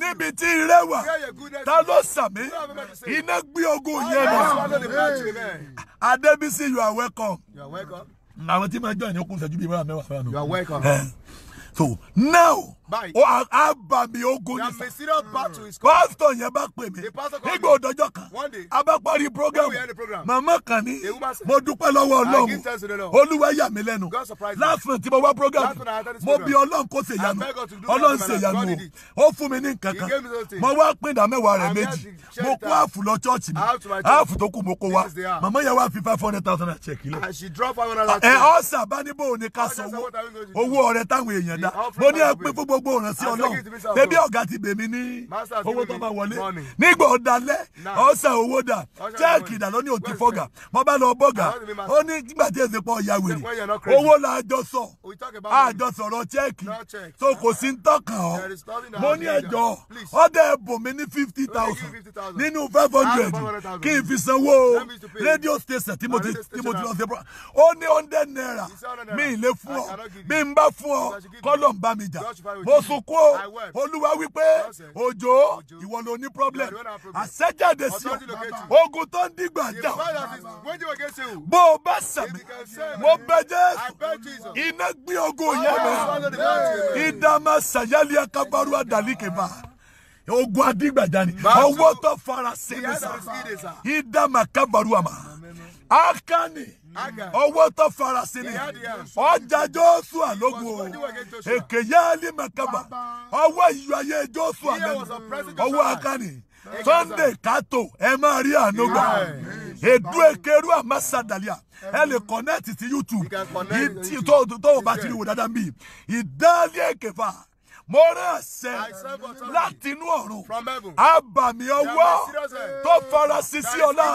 níbi tí ire wà ta ló yé mi Adébísí you are welcome. You are welcome. àwọn tí máa jọ ìní okùn ìṣẹ́jú bíi mẹ́wàá mẹ́wàá. You are welcome. so now ó á bà mí ogun ní sá pásítọ̀ yẹn bá pè mí nígbà òdọ́jọ́ kan a bá parí program màmá kan ní mo dúpẹ́ lọ́wọ́ ọlọ́run olúwa yà mí lẹ́nu last month tí mo wá program mo bí ọlọ́run kó ṣe yanu ọlọ́run ṣe yanu o ó fún mi ní nǹkan kan mo wá pín ìdá mẹ́wàá rẹ̀ méjì mo kó àfù lọ chọ́ọ̀chì mi àfù tó kù mo kó wa màmá yẹn wá fi five hundred thousand àti ẹ̀kílẹ̀ ẹ̀ ọ́ sàbánibó ni ká sanwó owó ọ̀rẹ́ táwọn èèyàn dá mo ní ẹ pín fún gbogbo ìrànṣẹ́ ọlọ́run bébí ọ̀gá ti bèmí ní owó tó máa wọlé nígbà ọ̀dalẹ̀ ọ̀sẹ̀ owó dà chẹ́ẹ̀kì ìdá lóní òtí fọ́gà mo bá lọ bọ́gà ó ní nígbà tí èsì pọ̀ ya wèrè owó la jọ sọ àjọ sọ̀rọ̀ chẹ́ẹ̀kì tó kò sí ń tọkàn ọ́ mo ní ẹ̀jọ́ ọ̀dẹ̀ ẹ̀bùn mi ní fifty thousand nínú five hundred kí n fi sanwó rédíò station tí mo ti lọ sí ó ní hundred naira mi ì lè fún ọ bí n bá fún ọ kọ́lọ̀ ń bá mi jà mo sunkún o olúwa wípé òjò ìwọ ló ní problem àṣẹjáde sí ọ ogun tó ń dìgbà jà bó o bá sàmì mo bẹ jésù iná gbé ogun yẹn lọ idà máa ṣàyẹlì akabaru adalikeba ogun adigbàjà ni ọwọ́ tó fara sẹ́yìn sá idà máa àmà akani owó tó farasin ni ọjà Jóṣúà lógun èkè yáálí mẹkẹba ọwọ́ ìyọ ayé Jóṣúà lẹ́nu akáni Sunday Kato ẹ máa rí ànúgbà èdú ekeru àmásàdàlíà ẹ lè connect ti YouTube tó o bá ti rí wò dáadáa bí ìdálé èkèfà mo rán àṣẹ láti inú ọ̀run abàmì ọwọ́ tó farasin sí ọlá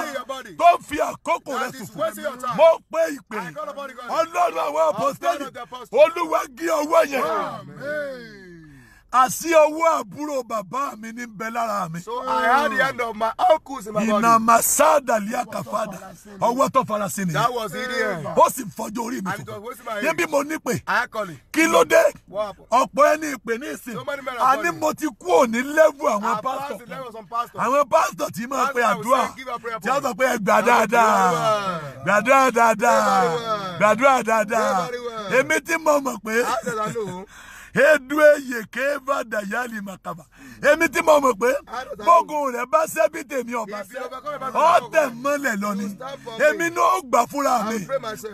tó fi àkókò rẹ ṣòfò mo pé ìpè ọlọ́run àwọn àpọ́sítẹ́lì olúwa gé ọwọ́ yẹn àṣì owó àbúrò bàbá mi ní bẹ lára mi. so I had the end of my uncles in my body. ìnàmà sáàdàlíà kàfàdà ọwọ́ tó farasin ni. that was it. idiot. ó sì fọjọ́ orí mi fún mi. níbi mo ní pè. kí ló dé. ọ̀pọ̀ ẹni ìpè ní ìsìn. àní mo ti kú òní lẹ́vù àwọn pásítọ̀. àwọn pásítọ̀ tí máa pe àdúrà tí wọ́n sọ pé ẹ gbà dáadáa gbàdúrà dáadáa gbàdúrà dáadáa èmi tí mo mọ̀ pé edu eye kéva dayali makaba èmi tí mo mọ̀ pé gbogbo rẹ̀ bá sẹ́bi tèmi ọ̀bà sẹ́ ọ̀tẹ̀ mọ́lẹ̀ lọ́ni èmi náà gbà fúnra mi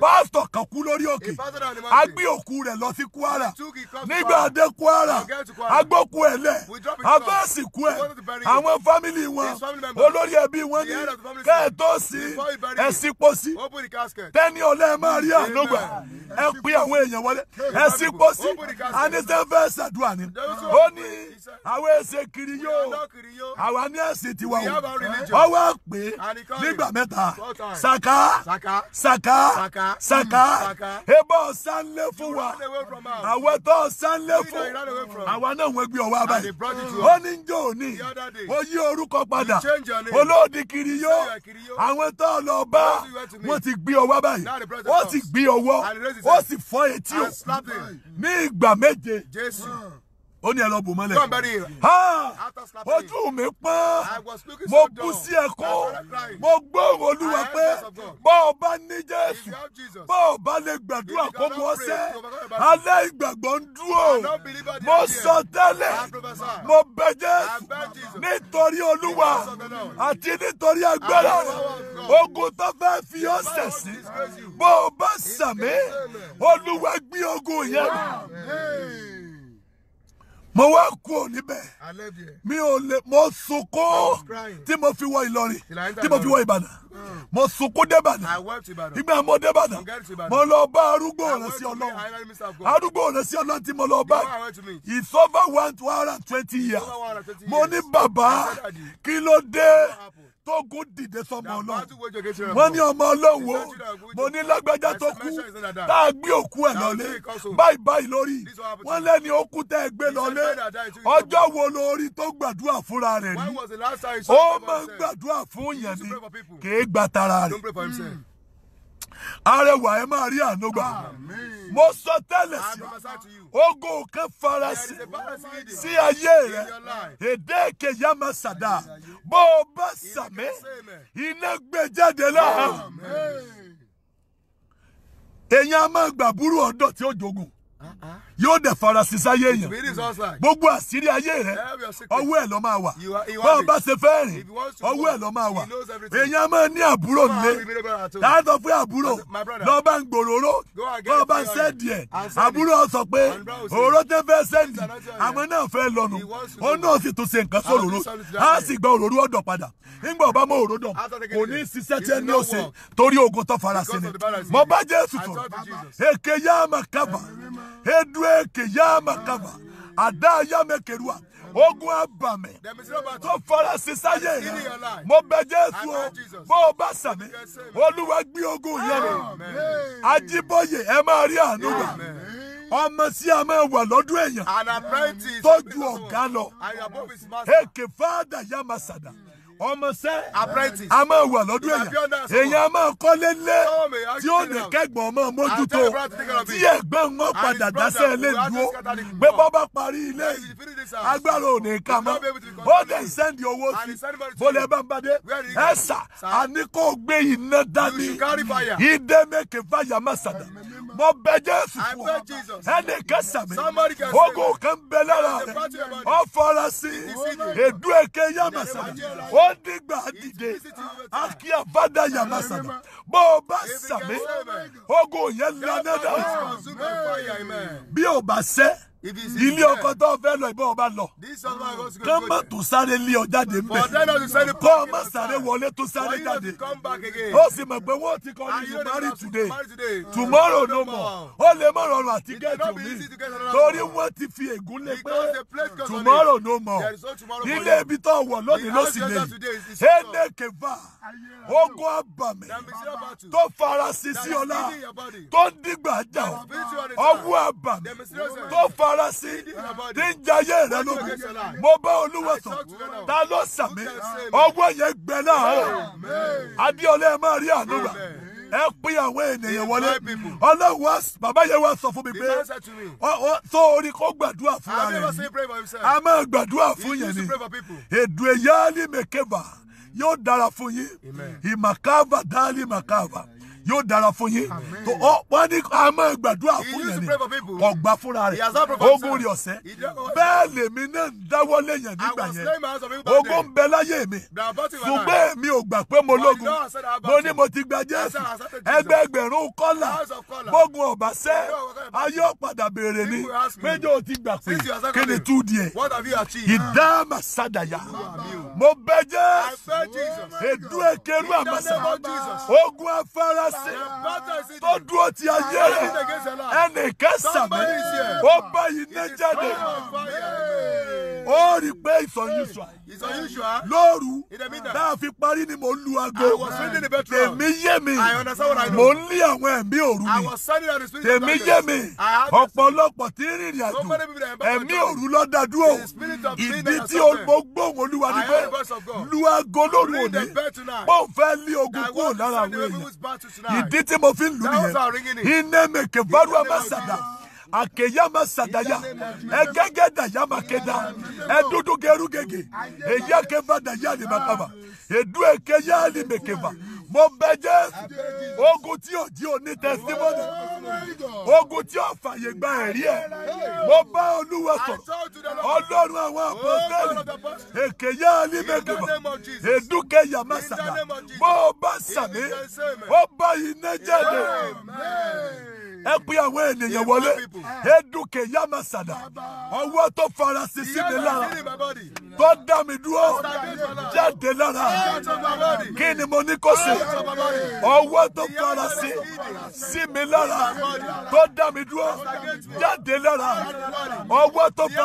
pásítọ̀ kan kú lórí òkè agbé òkú rẹ̀ lọ sí Kwara nígbà dé Kwara agbóku ẹ̀ lẹ̀ afẹ́sì kú ẹ̀ àwọn fámìlì wọn olórí ẹbí wọn ní kẹ́ẹ̀tọ́ sí ẹ̀sìn pósí tẹ́ni ọ̀lẹ́ máa rí ànúgbà ẹ pé àwọn èèyàn wọlé ẹ̀sìn pósí àní kristian fẹ́ ṣàdúrà ni ó ní àwọn ẹsẹ̀ kiri yóò àwa ní ẹ̀sìn tiwa o ọwọ́ pé nígbà mẹ́ta saka saka saka hmm. ebọ́ sanlé fún wa àwọn tó sanlé fún àwa náà wọ́n gbé ọwọ́ abáyé ó ní jò ní ó yí orúkọ padà olóòdì kiri yóò àwọn tó lọ bá wọ́n ti gbé ọwọ́ abáyé ó sì gbé ọwọ́ ó sì fọ́ etí o ní ìgbà méje jáde. Jésù. Ó ní ẹ lọ bò mọ́lẹ̀. Don't bury it. Ojú mi pọ́n. Mo bú sí ẹkún. Mo gbóòrò Olúwa pé bọ́ ọ bá ní Jésù. Bọ́ ọ bá lè gbàdúrà kó mú Alẹ́ ìgbàgbọ́ ń dúró. Mo sọ tẹ́lẹ̀. Mo bẹ Jésù. Nítorí Olúwa àti nítorí agbára rẹ̀. Ogun tó fẹ́ fi ọ́ sẹ̀ sí. Bọ́ ọ bá sàmí. Olúwa gbé ogun yẹn mo wá kú níbẹ̀ mi ò lè mo sunkún tí mo fi wọ Ìlọrin tí mo fi wọ Ìbàdàn hmm. mo sunkún débàdàn ìgbà mo débàdàn mo lọ bá arúgbó ìrẹsì Ọlọ́run arúgbó ìrẹsì Ọlọ́run tí mo lọ bá it's over one hundred and twenty years mo ní bàbá kí ló dé tó gún dìde sọmọ ọlọ́run mo ní ọmọ ọlọ́run o mo ní lágbájá tó kú tá a gbé òkú ẹ̀ lọ́lé báyìí báyìí lórí wọ́n lẹ́ni ó kú tẹ́ ẹ gbé lọ́lé ọjọ́ wo lórí tó gbàdúrà fúnra rẹ̀ ni ó máa ń gbàdúrà fún yẹn ni kì í gbàtara rẹ̀ arẹwà ẹ máa rí àánú gbà mo sọ tẹ́lẹ̀ sí ogun kan farasin sí ayé rẹ èdè èké yá máa bó o bá sàmì iná gbé jáde láàárọ̀ èèyàn a máa gbà búrú ọ̀dọ́ tí ó jogun. Uh-uh yóò dẹ̀ farasin sáyé èèyàn gbogbo àṣírí ayé rẹ ọwọ́ ẹ̀ ló máa wà bọ́n bá ṣe fẹ́ rìn ọwọ́ ẹ̀ ló máa wà èèyàn máa ní àbúrò nílé láàtọ̀ fún àbúrò lọ́ọ́ bá ń gbòòrò lọ́ọ́ bá ń sẹ́ẹ̀dì ẹ̀ àbúrò sọ pé òróró tẹ́ fẹ́ sẹ́ẹ̀dì àwọn náà fẹ́ lọ́nu ó náà sì tún ṣe nǹkan sóróró á sì gba òróró ọ̀dọ̀ padà nígbà ọba mọ òróró dàn kò ní ṣiṣẹ́ tí ẹni ó ṣe torí ogun tó farasin ni mo bá Jésù sọ̀rọ̀ èké yá máa kábà hedue keyama kava ada yame kerua ogun aba mi fara sísá mo bẹ jésù o bó o bá sàmì olúwa ogun yẹn rẹ ajíbóyè ẹ máa rí ọmọ sí a máa wà lọ́dún èèyàn tó lọ èkè fáadà yá máa ọmọọṣẹ́ a máa wà lọ́dún èèyàn èèyàn máa kọ́ lélẹ̀ tí ó ní kẹ́gbọ̀n ọmọ mójútó tí ẹ̀gbẹ́ ń wọ́n padà dáṣẹ́ ilé dúró pé bọ́ bá parí ilé agbára ò ní ká mọ́ ó dẹ̀ sẹ́ndì owó sí bọ́lẹ̀ bàbáde ẹ̀sà àní kò gbé iná dání ìdè mẹ́kẹ̀ fàyà má sàdà mo bẹ Jésù fún ọ ẹnì kẹsàmì ogun kan bẹ lára rẹ ọ fọra sí èdú èké yá màsàdà ó ó dìgbà dìde akí àfádà yàrá sàmà bó o bá sàmì ogun yẹn lanadà bí o bá sẹ́ ilé ọkọ tó fẹ́ lọ ìbọn ọba lọ kán má tún sáré lé ọ jáde mbẹ kọ́ má sáré wọlé tó sáré jáde ó sì mọ̀ pé wọ́n ti kọ́ ni you marry today [laughs] tomorrow no more ó lè mọ̀ rọrùn àti gẹ́ẹ̀tì mi torí wọ́n ti fi ègún lé pé tomorrow no more ilé ibi tó wọ̀ lónìí ló sì lè yìí ẹnẹ kẹfà ogun abàmì tó fara sí sí ọlá tó dìgbà jà ọwọ́ abàmì tó fara ara sí tí ń jayé rẹ lógun mo bá olúwa sọ ta ló sàmì ọwọ́ yẹn gbẹ láàárọ̀ adéọlẹ́ ẹ máa rí àánú ẹ pín àwọn ènìyàn wọlé ọlọ́wọ́ bàbá yẹn wá sọ fún mi pé tó orí kó gbàdúrà fúnra rẹ a máa gbàdúrà fún yẹn ni èdè ìyáálí mẹ́kẹ́bà yóò dára fún yín ìmàkàvà dáálì màkàvà yóò dára fún yín tó ọ wọn ní a máa gbàdúrà fún yẹn ni ọgbà fúnra rẹ ogun rẹ ọsẹ bẹ́ẹ̀ lèmi náà ń dáwọ́ lẹ́yìn nígbà yẹn ogun bẹ láyé mi ṣùgbọ́n mi ò gbà pé mo lógun mo ní mo ti gba jésù ẹgbẹgbẹ̀rún kọ́là gbógun ọ̀bà sẹ́ ayé ọ̀padà béèrè ni méjì ò ti gbà pé kí ni tú díẹ̀ ìdá màsádàyà mo bẹ jẹ́ èdú èkéru àmàsà ogun afárasí tó dúró ti ayé rẹ̀ ẹnì kẹsàn-án ó bá yìí ní jáde ó rí i pé it's unusual. it's unusual. lóru náà fi parí ni mo lu aago. I was reading the bedroom. tèmi yé mi. I understand what I know. mo ń lé àwọn ẹ̀mí òru mi. I was standing at the spirit of darkness. tèmi yé mi. ọ̀pọ̀lọpọ̀ tí ń rìnrìn àjò. ẹ̀mí òru lọ da dúró. the spirit of dream that is something. ìdí tí mo gbóhùn olúwa ni pé lu aago lóru òní. mo fẹ́ lé ogun kúrò lára àwọn èèyàn. ìdí tí mo fi ń lù nìyẹn. iná mèkè bárúwá má sàdá akeyama sadaya egege dayama keda edudu geru gege eya keva daya ni ah, makaba edu ekeya ni mekeva mo bẹ jẹ ogun tí ò di òní oh, tẹsítímọ́nì ogun tí ò fàyè gba ẹ̀rí ẹ̀ e. mo bá olúwa sọ̀rọ̀ ọlọ́run àwọn àpọ́sẹ́lì èkèyà alímẹ̀kẹ̀bà èdúkẹ̀yà màsàdà bó o bá sàmì ó bá iná jáde ẹ pé àwọn ènìyàn wọlé edukẹ yamasada ọwọ́ tó fara sisi mi lára tó dá mi dúró jáde lára kí ni mo ní kó ṣe ọwọ́ tó fara sí sí mi lára tó dá mi dúró jáde lára ọwọ́ tó fara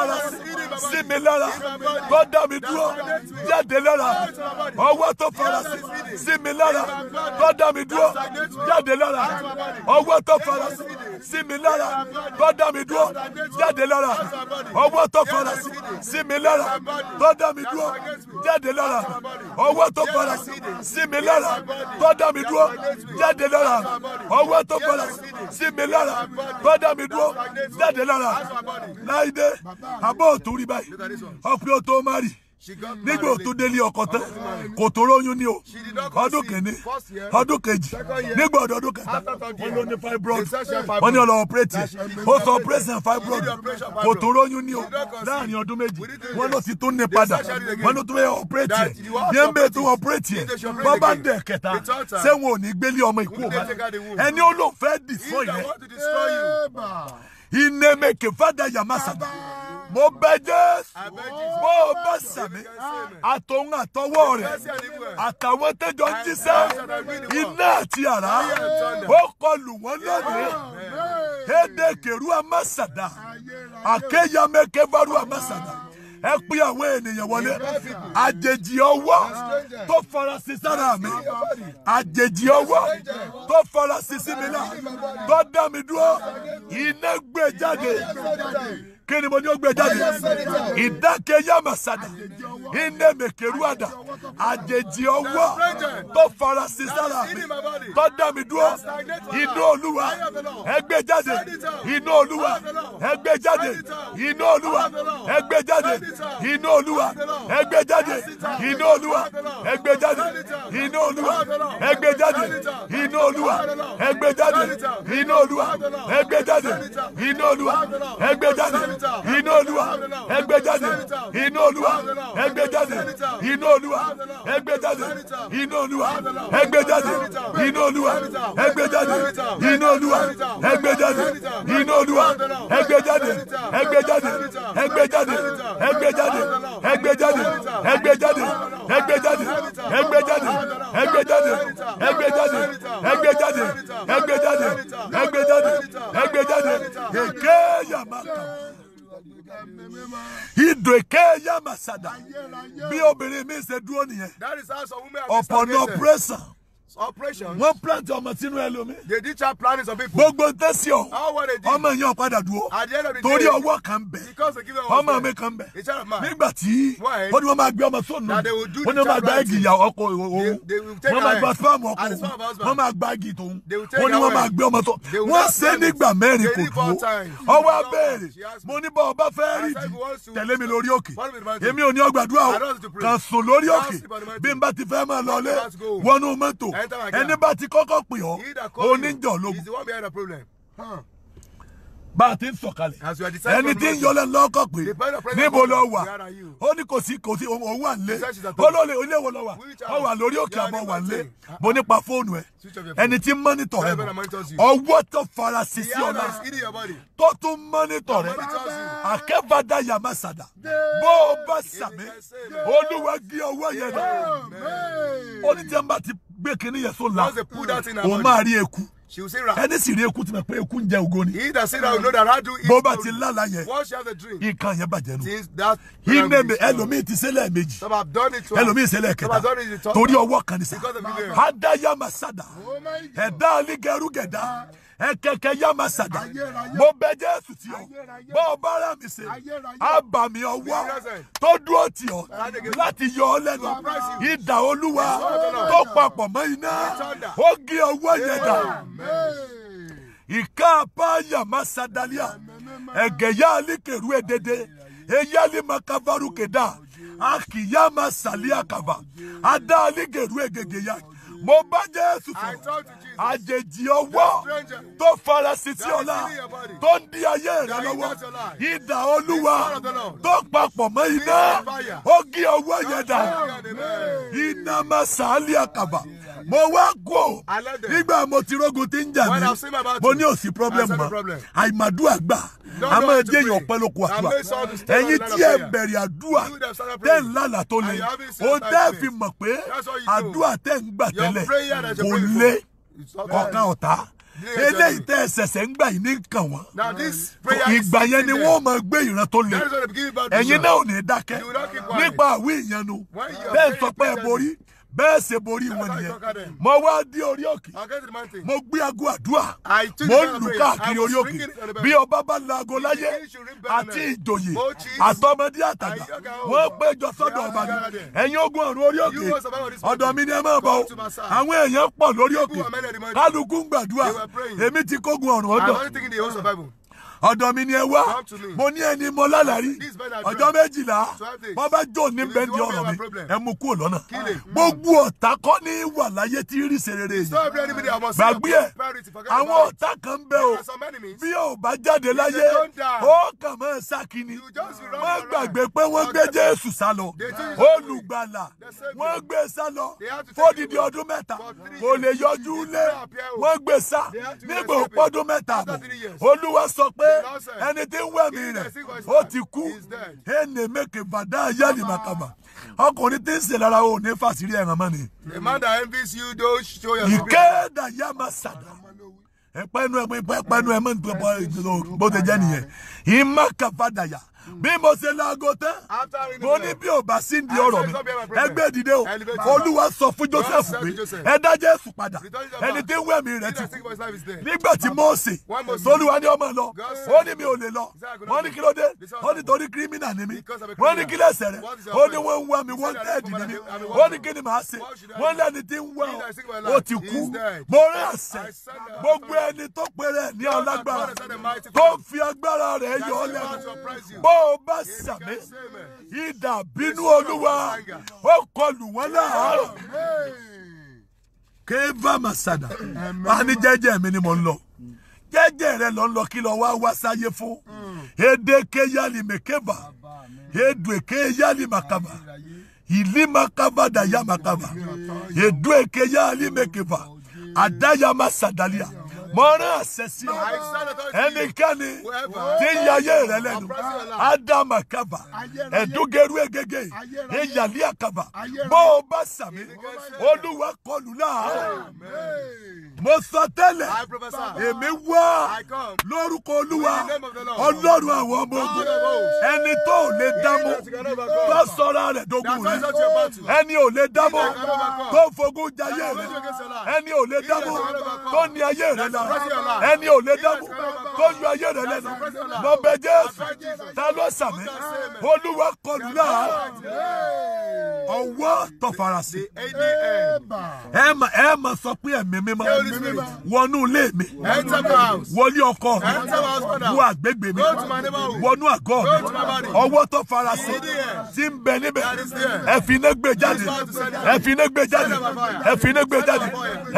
sí mi lára tó dá mi dúró jáde lára ọwọ́ tó fara sí mi lára tó dá mi dúró jáde lára ọwọ́ tó fara sí sí mi lára tó dá mi dúró jáde lára ọwọ́ tó fara sí mi lára tó dá mi dúró jáde lára ọwọ́ tó fara sí mi lára tó dá mi dúró jáde lára ọwọ́ tó fara sí mi lára tó dá mi dúró jáde lára láìdé àbọ̀ òtún rí báyìí ọ̀pẹ̀ òtún máa rí. Mm. nígbà tó délé ọkọ tán kò tó lóyún ní o ọdún kìíní ọdún kejì nígbà ọdún ọdún kẹta wọn ló ní fibroid wọn ní ọlọ ọpẹrẹtì ó sọ ọpẹrẹsìn fibroid kò tó lóyún ní o láàrin ọdún méjì wọn ló sì tún ní padà wọn ló tún bẹ ọpẹrẹtì yẹn bẹ tún ọpẹrẹtì yẹn wọn bá dẹ kẹta ṣé ò ní gbélé ọmọ ìkú ọmọ ẹni ó lò fẹ́ dìsọ yẹn inemeke fada yamasada mo bẹ jésù mo bẹ sàmì àtòun àtọwọ́ rẹ̀ àtàwọn tẹjọ ń jíṣẹ́ iná àti àrá ó kọlù wọn lónìí èdè kèrú amásàdà àkéyàmẹkẹ bárú amásàdà ẹ pín àwọn ènìyàn wọlé àjèjì ọwọ́ tó farasin sára mi àjèjì ọwọ́ tó farasin sí mi náà tó dá mi dúró iná gbé jáde kí ni mo ní ó gbé jáde ìdákẹ́yà màsàdà iná mèkèrú àdà àjèjì ọwọ́ tó farasin sára mi tó dá mi dúró iná olúwa ẹ gbé jáde iná olúwa ẹ gbé jáde iná olúwa ẹ gbé jáde iná olúwa ẹ gbé jáde iná olúwa ẹ gbé jáde iná olúwa ẹ gbé jáde iná olúwa ẹ gbé jáde iná olúwa ẹ gbé jáde iná olúwa ẹ gbé jáde iná olúwa ẹgbẹ́ jáde iná olúwa ẹgbẹ́ jáde iná olúwa ẹgbẹ́ jáde iná olúwa ẹgbẹ́ jáde iná olúwa ẹgbẹ́ jáde iná olúwa ẹgbẹ́ jáde iná olúwa ẹgbẹ́ jáde ẹgbẹ́ jáde ẹgbẹ́ jáde ẹgbẹ́ jáde ẹgbẹ́ jáde ẹgbẹ́ jáde ẹgbẹ́ jáde ẹgbẹ́ jáde ẹgbẹ́ jáde ẹgbẹ́ jáde ẹgbẹ́ jáde ẹgbẹ́ jáde ẹgbẹ́ jáde ẹgbẹ́ jáde èké yàmá kàwé. Idreke Yamasada. Bí obìnrin mi ṣe dúró nìyẹn. That is how some women are operations. wọ́n plant ọmọ sínú ẹlòmí. the teacher planning some people. gbogbo tẹ́ sí ọ. how were they doing. ọmọ yẹn padà dúró. at the end of the day. torí ọwọ́ kan bẹ̀. because they give them one. ọmọ mi kan bẹ̀. it's not mine. nígbà tí. why. ó ní wọ́n máa gbé ọmọ sóònù. na they will do the child planting. wọ́n ní wọ́n máa gba igi ìyá ọkọ òun. they will take away. wọ́n máa gba sperm ọkọ òun. and sperm husband. wọ́n máa gba igi tóun. they will take away. wọ́n ní wọ́n máa gbé ọmọ sóònù. wọ́n ṣe nígbà mẹ́rin kò dúró. ọwọ́ abẹ́rẹ́ mo ní bọ́ ọba fẹ́ rí di tẹ̀lé mi lórí òkè. èmi ò ní ọgbàdúrà o kàn sùn lórí òkè bí n bá ti fẹ́ máa lọ wọnú mọ́tò ẹni bá ti kọ́kọ́ pè ọ́ oníjọ́ lógun bá a ti ń sọ̀kalẹ̀ ẹni tí ń yọlẹ̀ lọ́kọ̀ pé níbo lọ wà ó ní kò sí kò sí òun wà lé olóòlè ilé wo lọ wà ó wà lórí òkè àmọ́ wà lé bó nípa fóònù ẹ ẹni tí ń mọ́nítọ̀ rẹ ọwọ́ tó fara sí sí ọ̀la tó tún mọ́nítọ̀ rẹ akẹ́fàdá yamasada bó o bá sàmé olúwa gé ọwọ́ yẹn dà ó ní jẹ́ ń bá ti gbé kinní yẹn sólà òun máa rí eku ẹni sì rí eku ti mọ̀ pé eku ń jẹ ògo ni bó bá ti lálàá yẹn nǹkan yẹn bàjẹ́ nù ìnẹ̀mẹ̀ ẹlòmíì ti ṣẹlẹ̀ méjì ẹlòmíì ṣẹlẹ̀ kẹta torí ọwọ́ kan ní adayama sada ẹ̀dá alígẹrú ẹ̀kẹ̀kẹ̀ yamasada mo bẹ jésù tí ọ bọ́ ọ bá rà mí ṣe àbàmì ọwọ́ tó dúró tì ọ láti yọ ọ lẹ́nu ìdà olúwa tó papọ̀ mọ́ iná ó gé ọwọ́ yẹn dà ìkáàpá yamasadaliya ẹ̀gẹ̀yà alíkèrú èdèdè eyali makavaru keda akiyama saliakava adá alíkèrú ègègè yàtọ̀ mo bá jésù fún àjèjì ọwọ́ tó farasí sí ọlá tó ń di ayé rẹ lọ́wọ́ idà olúwa tó papọ̀ mọ́ iná ó gé ọwọ́ yẹn dànù iná máa sàálì àkàbà mo wá kó nígbà mo ti rógun tí ń jà mí mo ní òsì problem mọ́ àìmàdúrà gbà a máa jẹ́ èèyàn pẹ́ lóko àdúrà ẹ̀yin tí ẹ bẹ̀rẹ̀ àdúrà tẹ́ ń lálà tó le o tẹ́ fi mọ̀ pé àdúrà tẹ́ ń gbà tẹ́lẹ̀ kò lé ọ̀kan ọ̀tá eléyìí tẹ ẹsẹsẹ ń gbà yìí ní nǹkan wọn ìgbà yẹn ni wọn máa gbé ìran tó le ẹ̀yin náà ò ní dákẹ́ nípa àwí ìyanu bẹ́ẹ̀ sọ pé ẹ borí bẹ́ẹ̀ ṣe borí wọn nìyẹn mo wá di orí òkè mo gbé aago àdúrà mo ń lù káàkiri orí òkè bí ọba bá laago láyé àti ìjòyè oh, àtọmọdé àtàgbà wọ́n péjọ sọ́dọ̀ ọba ni ẹ̀yin ogun ọ̀run orí òkè ọ̀dọ̀ mi ni ẹ máa bọ̀ o àwọn èèyàn pọ̀ lórí òkè kálukú ń gbàdúrà èmi ti kógun ọ̀run ọdọ. ọ̀dọ̀ mi ni ẹ wá mo ní ẹni mo lálàrí ọjọ́ méjìlá bọ́ bá jò ní bẹ́ndì ọ̀rọ̀ mi ẹ mú kúrò lọ́nà gbogbo ọ̀tá kọ́ ní wà láyé tí rí serere yìí gbàgbé ẹ̀ àwọn ọ̀tá kan bẹ́ o bí o bá jáde láyé ó kàn máa sákìní wọ́n gbàgbé pé wọ́n gbé Jésù sálọ olùgbàlà wọ́n gbé sálọ fódìdí ọdún mẹ́ta kò lè yọjú lé wọ́n gbé sá oh. nígbà òpọ́dún mẹ́ta bọ̀ Olúwa sọ pé pé ẹni tí ń wẹ̀mí rẹ̀ ó ti kú ẹnì mẹ́kẹ̀ bàdá yáàlì màkàmà ọkùnrin tí ń sè lára o ní fàṣírí ẹ̀ràn mọ́ ni. the man that envies you don show your spirit. ìkéèdà yá máa sàdá ẹ̀pẹ́nu ẹ̀pẹ́nu ẹ̀mọ́ bó ti jẹ́ nìyẹn ìmọ̀ kàfàdàyà bí mo ṣe laago tán mo ní bí ò bá sí di ọ̀rọ̀ mi ẹgbẹ́ ìdílé o olúwa sọ fún joseph pé ẹ dá jésù padà ẹni tí ń wẹ̀ mí rẹ̀ ti kú nígbà tí mọ́ọ̀sì tolúwa ní ọmọ lọ ó ní mi ò lè lọ wọ́n ní kí ló dé ó ní torí kírímìnà ni mi wọ́n ní kí lẹ́sẹ̀ rẹ̀ ó ní wọ́n ń wá mi wọ́n tẹ́ẹ̀dì ni mi ó ní kí ni màá ṣe wọ́n lẹ́ni tí ń wá ó ti kú mo rẹ́ àṣẹ gbogbo ẹni tó péré ní alágbára tó fi agbára rẹ̀ yọ ọ́ lẹ́nu bó o bá sàmì idà bínú olúwa ó kọlù wọn láàárọ̀ kéèvà màsàdà máa ní mi ni mo ń lọ jẹ́jẹ́ rẹ lọ ń lọ kí lọ wá wá sáyé fún edeke yali mekeba edueke yali makaba ìlí makaba dàyà makaba edueke yali mekeba àdáyà màsàdàlíà mo rán àṣẹ sí ọ ẹnikẹ́ni tí ń yayé rẹ lẹ́nu ádámà kaba ẹ̀dúgẹ̀rú egége ìyàlẹ́ àkàbà bó o bá sàmì olúwa kọlù náà mo sọ tẹ́lẹ̀ èmi wá lórúkọ olúwa ọlọ́run àwọn ọmọ ogun ẹni tó ò lè dámọ́ tó sọra rẹ̀ dogun rẹ̀ ẹni ò lè dámọ́ tó fogun jayé rẹ̀ ẹni ò lè dámọ́ tó ní ayé rẹ̀ lọ ẹni ò lè dáàbò tó yọ ayé rẹ lẹ́nu mo bẹ jésù ta ló sàmì olúwa kọlu náà ọwọ́ tó farasin ẹ mà ẹ mà sọ pé ẹ̀mí mímọ́ wọnú ilé mi wọlé ọkọ mi wọ àgbègbè mi wọnú àgọ́ mi ọwọ́ tó farasin ti ń bẹ níbẹ̀ ẹ fi iná gbé jáde ẹ fi iná gbé jáde ẹ fi iná gbé jáde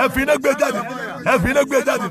ẹ fi iná gbé jáde ẹ fi iná gbé jáde.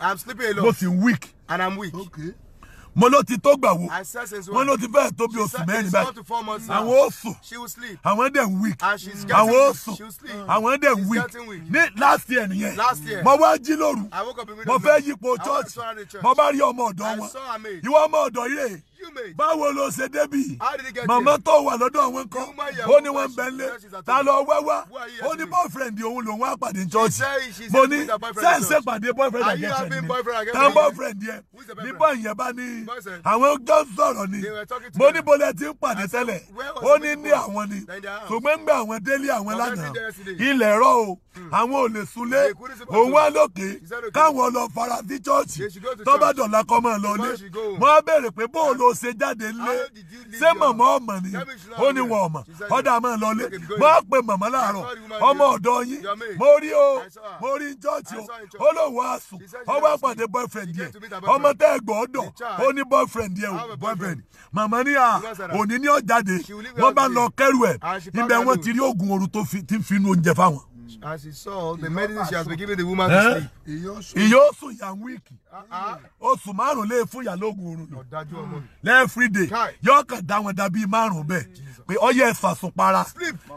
i'm sleeping alone. mo sì weak. and i'm weak. okay mo ló ti tó gbà wò mo ló ti fẹ́ tó bí oṣù mẹ́rin báyìí àwọn ó sùn àwọn dẹ̀ ń weak àwọn ó sùn àwọn dẹ̀ ń weak ní last year nìyẹn mo wá jí lóru mo fẹ́ yípo church mo bá rí ọmọ ọ̀dọ́ wọn ìwọ ọmọ ọ̀dọ́ yìí rèé báwo ló ṣe débì màmá tó wà lọ́dọ̀ àwọn kan ó ní wọ́n ń bẹ ta lọ wá ó ní boyfriend òun lòun á pàdé church mo ní sẹ́ǹsẹ̀ pàdé boyfriend and ni ta boyfriend yẹn bí bọ́ọ̀ yẹn bá ní àwọn jọ sọ̀rọ̀ ni mo ní bọ́lẹ̀ tí ń pàdé tẹ́lẹ̀ ó ní ní àwọn ni ṣùgbọ́n ń gbé àwọn délé àwọn lánàá ilẹ̀ rọ o hmm. àwọn ò lè sunlé òun wá lókè káwọn lọ fara sí church o ṣe jáde lé ṣé mọ̀mọ́ ọmọ ni ó ní wọ ọmọ ọ̀dà máa lọ lé mọ́ pé mọ̀mọ́ láàárọ̀ ọmọ ọ̀dọ́ yín mo rí o mo rí chọ́ọ̀chì o ó lóun wá sùn ó wá boyfriend yẹn ọmọ tẹ́ ẹ gbọ́ ọ̀dọ̀ ó ní boyfriend yẹn o boyfriend màmá ní à ah, òní ní ọ̀jáde wọ́n bá lọ kẹ́rù ẹ̀ ibẹ̀ wọ́n ti rí oògùn oru tó fi ń finú oúnjẹ fáwọn as he saw the medicine she has been giving the woman to eh? sleep. ìyá ah, ah. ó sùn yà wíìkì oṣù márùn lè fún ìyá lóògùn oorun lò lẹ́ẹ̀fídè yóò kàn dá wọn dàbí márùn bẹ́ẹ̀ pé ọyẹ ẹ̀sà sùn para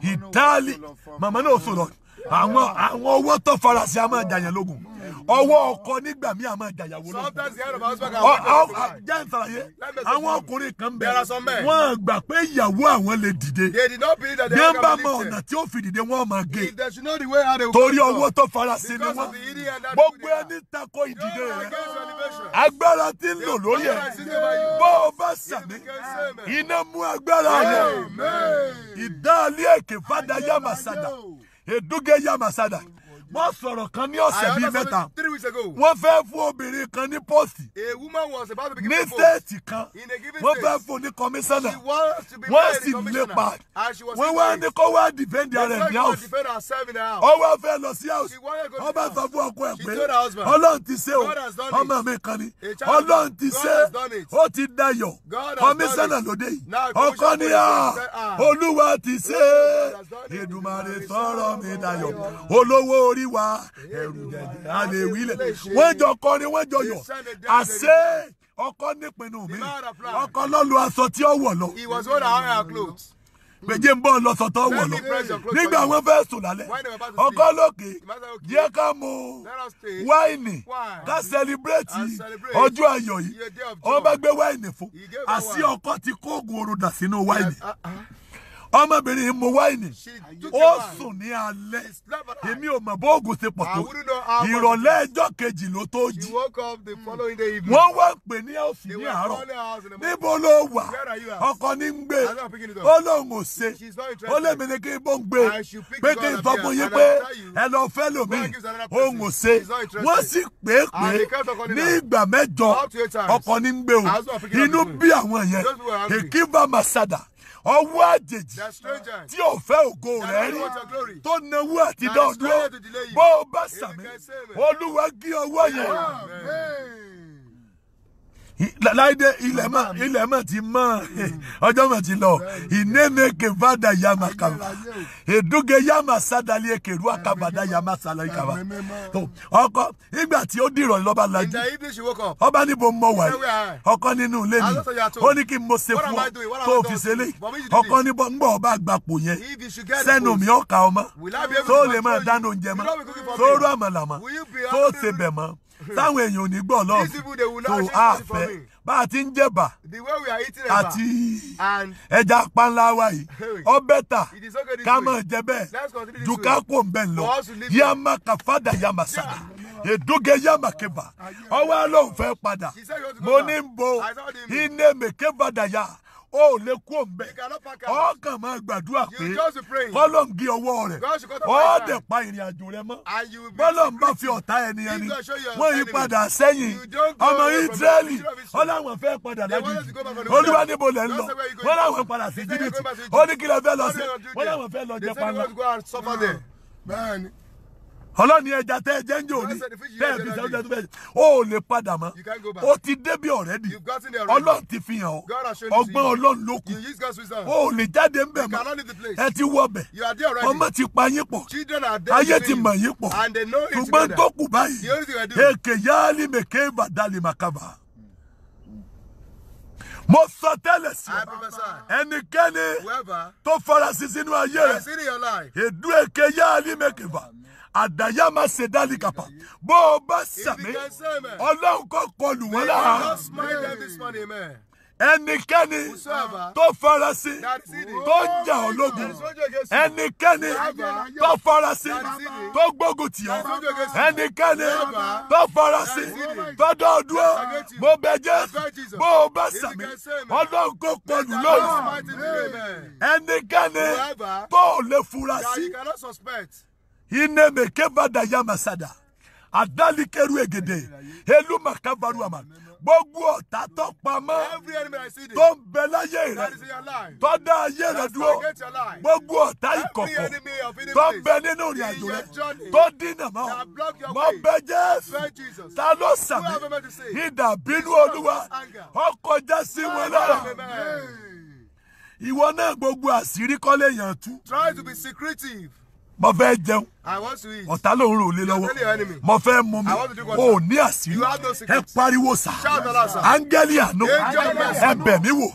ìdálì màmá náà sùn lọ àwọn àwọn owó tó farasin a máa jàyàn lógun ọwọ́ ọkọ nígbà míì a máa jàyàwó lógun jẹ́ ìsàlàyé àwọn ọkùnrin kan bẹ wọ́n gbà pé ìyàwó àwọn lè dìde bí wọ́n bá mọ ọ̀nà tí ó fi dìde wọ́n máa gé torí ọwọ́ tó farasin ni wọ́n gbogbo ẹni tako ìdìde rẹ agbára ti ń lò lórí ẹ bó o bá sàmì iná mú agbára rẹ ìdá alẹ́ èké fàdáyà màsàdà eduge yamasada mo sọ̀rọ̀ kan ní ọ̀sẹ̀ bíi mẹ́ta wọ́n fẹ́ fún obìnrin kan ní pọ́ọ̀sì ní stéètì kan wọ́n fẹ́ fún ní kọmíṣánná wọ́n sì lépa wọ́n wá ní kó wá dìbẹ́ndì rẹ̀ ní house ó wá fẹ́ lọ sí house ó bá sọ fún ọkọ ẹ̀ pé ọlọ́run ti ṣe o ọmọ mi kan ni ọlọ́run ti ṣe ó ti dayọ̀ kọmíṣánná lóde yìí ọkọ ni ah, ah, olúwa ti ṣe Èdùmàrè sọ̀rọ̀ mi dayọ̀ olówó orí bí wa ẹrù jẹjẹ a lè wílẹ̀ wọ́n jọ kọrin wọ́n jọ yọ̀ àṣẹ ọkọ nípinnu mi ọkọ lọ́lu aṣọ tí ó wọ̀ lọ. he was older and higher clothes gbèjé ń bọ̀ lọ sọ̀tọ̀ wọ̀ lọ nígbà wọn fẹ́ sùn lálẹ́ ọkọ lókè jẹ́ ká mu wáìnì ká sẹlibrétì ọjọ́ ayọ̀ yìí wọ́n bá gbé wáìnì fún àṣì ọkọ ti kó oògùn oorun dà sínú wáìnì. Uh-uh ọmọbìnrin mu wáìnì ó sùn ní alẹ́ èmi ò mọ̀ bó oògùn ṣe pọ̀ tó ìrọ̀lẹ́ ẹjọ́ kejì ló tó jí hmm. wọ́n wá ń pè ní ọ̀sì ní àárọ̀ níbo ló wà ọkọ ní ń gbé ó lóun ò ṣe ó lèmi ni kí n bó ń gbé pé kí n sọ fún yín pé ẹ lọ fẹ́ lómi òun ò ṣe wọ́n sì pé pé ní ìgbà mẹ́jọ ọkọ ní ń gbé o inú bí àwọn yẹn èkí bá máa ṣàdà ọwọ́ àjèjì tí ò fẹ́ ògo rẹ̀ rí tó náwó àti dọ́ọ̀dúró bó o bá sàmì olúwa gé ọwọ́ yẹn. láìdé ilẹ̀ mọ̀ ilẹ̀ mọ̀ ti mọ̀ ọjọ́ mọ̀ ti lọ ìnene kevada yama kaba eduge yama sadali ekeru akabada yama sadali kaba tó ọkọ nígbà tí ó dìrọ̀ lọ́ba lajú ọba níbo mọ̀ wà ọkọ nínú ilé mi ó ní kí n mo ṣe fún ọ tó fi ṣe lé ọkọ níbo ń bọ̀ ọba àgbàpọ̀ yẹn sẹ́nu mi ọ̀ka ọmọ tó lè máa dáná oúnjẹ mọ́ tó rú àmàlà mọ́ tó ṣe bẹ̀ mọ́. táwọn [laughs] èèyàn ò ní gbọ́ lọ́ọ̀sì tó a bá a ti ń jẹ̀bà àti ẹja panla wa yìí ọbẹ̀ [laughs] ta ká máa jẹ bẹ́ẹ̀ ju ká kó ń bẹ̀ lọ yàmà kàfádà yàmà sàdà èdúgẹ yàmà kébà ọwọ́ àlọ́ òfẹ́ padà mo ní bo iné ó lè kú òǹbẹ ọkàn máa gbàdúrà pé kọ́lọ́n gé ọwọ́ rẹ̀ ó dẹ̀ pa ìrìn àjò rẹ mọ́ bọ́lọ́n bá fi ọ̀tá ẹni ẹni wọ́n yí padà sẹ́yìn ọmọ Ísírẹ́lì ó láwọn fẹ́ padà lájijì olúwa níbo lẹ́ ń lọ wọ́n láwọn padà sí Íjíbítì ó ní kí lọ fẹ́ lọ sí wọ́n láwọn fẹ́ lọ jẹ pa ńlá. bẹ́ẹ̀ ni ọlọ́ni ẹja tẹ́ ẹ jẹ́ ń jò ní tẹ́ ẹ fi ṣe oúnjẹ tó bẹ́ẹ̀ o ò lè padà mọ́ o ti débi ọ̀rẹ́dì ọlọ́run ti fi hàn ọ́ ọgbọ́n ọlọ́run ló kù o ò lè jáde ń bẹ̀ mọ́ ẹ ti wọ bẹ̀ ọmọ ti pa yín pọ̀ ayé ti mọ̀ yín pọ̀ ṣùgbọ́n tó kù báyìí èkè yáálì mèké ìbàdàlì màkàbà mo sọ tẹ́lẹ̀ sí ẹnikẹ́ni tó farasin sínú ayé rẹ̀ èdú èké yáálì mèké ìbàdàlì àdáyàmá ṣe dálìkàpà bó o bá sàmì ọlọ́run kò kọlù wọ́n lára ẹnikẹ́ni tó farasí tó jà ọ́ lógun ẹnikẹ́ni tó farasí tó gbógun tì ọ́ ẹnikẹ́ni tó farasí tó dá ọ dúró mo bẹ̀ jẹ́ bó o bá sàmì ọlọ́run kò pọ̀lú lónìí ẹnikẹ́ni tó lè fura ine mekeva daya masada adalikeru egede elu makavaru ama gbogbo ọ̀tá tó pamọ́ tó ń bẹ láyé rẹ tó dá ayé rẹ dúró gbogbo ọ̀tá ìkọ̀kọ̀ tó ń bẹ nínú ìrìn àjò rẹ tó dínà mọ́ mọ́ bẹ Jésù ta ló sàmì idà bínú Olúwa ó kọjá sí wọn lọ́rọ̀ ìwọ náà gbogbo àṣírí kọ́lé yàn tú. try to be secretive mo fẹ́ jẹun ọ̀tá ló ń rò lé lọ́wọ́ mo fẹ́ mú mi o ní àṣírí ẹ pariwo sá áńgẹ́lì àánú ẹ bẹ̀ mí wò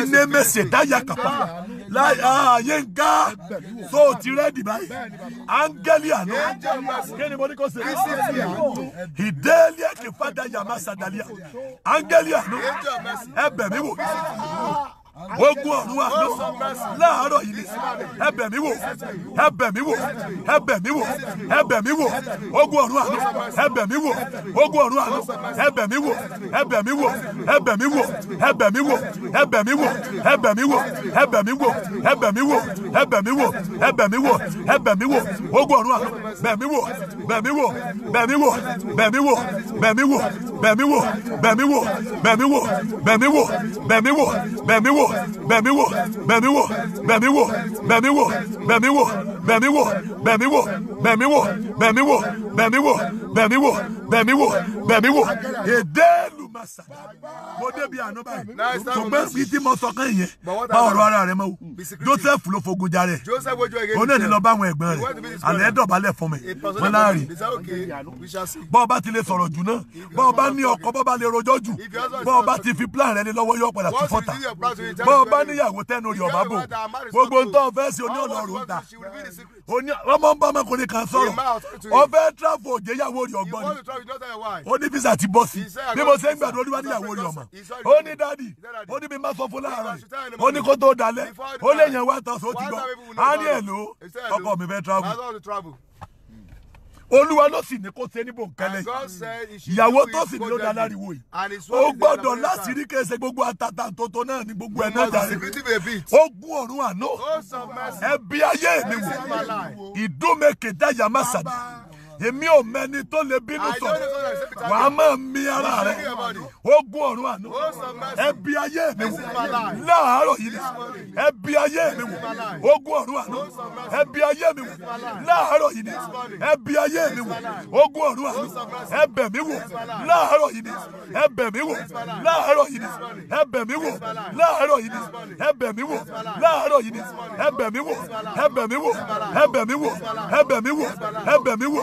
iná mẹ́sẹ̀ dáyà kàpá láàyè ń ga tó o ti rẹ́dì báyìí áńgẹ́lì àánú kí ni mo ní kó ṣe ìdẹ́lẹ̀ kìfàdà yàmásádàlíà áńgẹ́lì àánú ẹ bẹ̀ mí wò ogun ọ̀run àná láàárọ̀ yìí ẹ bẹ̀ mí wò ẹ bẹ̀ mí wò ẹ bẹ̀ mí wò ẹ bẹ̀ mí wò ogun ọ̀run àná ẹ bẹ̀ mí wò ogun ọ̀run àná ẹ bẹ̀ mí wò ẹ bẹ̀ mí wò ẹ bẹ̀ mí wò ẹ bẹ̀ mí wò ẹ bẹ̀ mí wò ẹ bẹ̀ mí wò ẹ bẹ̀ wò ẹ bẹ̀ wò ẹ bẹ̀ wò ẹ bẹ̀ wò ẹ bẹ̀ wò ogun ọ̀run àná bẹ̀ mí wò bẹ̀ mí wò bẹ̀ mí wò bẹ̀ mí wò bẹ̀ mí wò bẹ̀ mí wò bẹ̀ mí wò bẹ̀ mí wò bẹ̀ mí wò bẹ̀ mí wò bẹ̀ mí wò wò bẹ̀mí wò bẹ̀mí wò bẹ̀mí wò bẹ̀mí wò bẹ̀mí wò bẹ̀mí wò bẹ̀mí wò bẹ̀mí wò bẹ̀mí wò bẹ̀mí wò bẹ̀mí wò bẹ̀mí wò bẹ̀mí wò èdè lùmọ̀sà mo débi àná báyìí ṣùgbọ́n bíi tí mo sọ kán yẹn bá ọ̀rọ̀ ara rẹ mọ́ o mm, Joseph ló fogun jalè ó náà ní lọ bá àwọn ẹ̀gbọ́n rẹ̀ àlẹ́ dọ̀bálẹ̀ fún mi wọn láàrin bọ́ọ̀ bá ti lè sọ̀rọ̀ jù náà bọ́ọ̀ bá ní ọkọ bọ́ọ̀ bá lè rojọ́ jù bọ́ọ̀ bá ti fi plan rẹ ní lọ́wọ́ yóò padà tún fọ́ta bọ́ọ̀ bá níyàwó tẹ́nu rí ọ̀bá bò gbogbo ntọ́ fẹ́ sí oní ọ̀nà ọ̀rùn ta ọmọ nbà ọmọkùnrin kan sọ̀rọ̀ ọbẹ̀ tíráfù òjé ìyàwó rẹ̀ ọgbọ́n ni ó ní fisa ti bọ́ sí bí mo ṣe ń gbàdúrà olúwa níyàwó rẹ̀ ọmọ ó ní dáàdì ó ní bí má sọ fún láàárọ̀ yìí ó ní kó tó dalẹ̀ ó lè yẹn wá tàṣó ti gbọ́ á ní ẹ̀ ló ọkọ mi fẹ́ tíráfù olúwa ló sì ní kó ṣe níbo nkẹlẹ ìyàwó tó sì ní ló da aláriwo yìí ó gbọ́dọ̀ láṣìírí kése gbogbo àtàtà tótó náà ní gbogbo ẹná jàre ogun ọ̀run àná ẹbí ayé mi wò ìdúmẹkẹdá yamásàdá èmi ò mẹni tó lè bínú sọ̀rọ̀ wà á máa mi ara rẹ̀ ogun ọ̀run àná ẹbí ayé mi wò láàárọ̀ yìí ẹbí ayé mi wò ogun ọ̀run àná ẹbí ayé mi wò láàárọ̀ yìí ni ẹbí ayé mi wò ogun ọ̀run àná ẹbẹ̀ mi wò láàárọ̀ yìí ni ẹbẹ̀ mi wò láàárọ̀ yìí ni ẹbẹ̀ mi wò láàárọ̀ yìí ni mi wò láàárọ̀ yìí ni mi wò ẹbẹ̀ mi wò ẹbẹ̀ mi wò ẹbẹ̀ mi wò ẹbẹ̀ mi wò.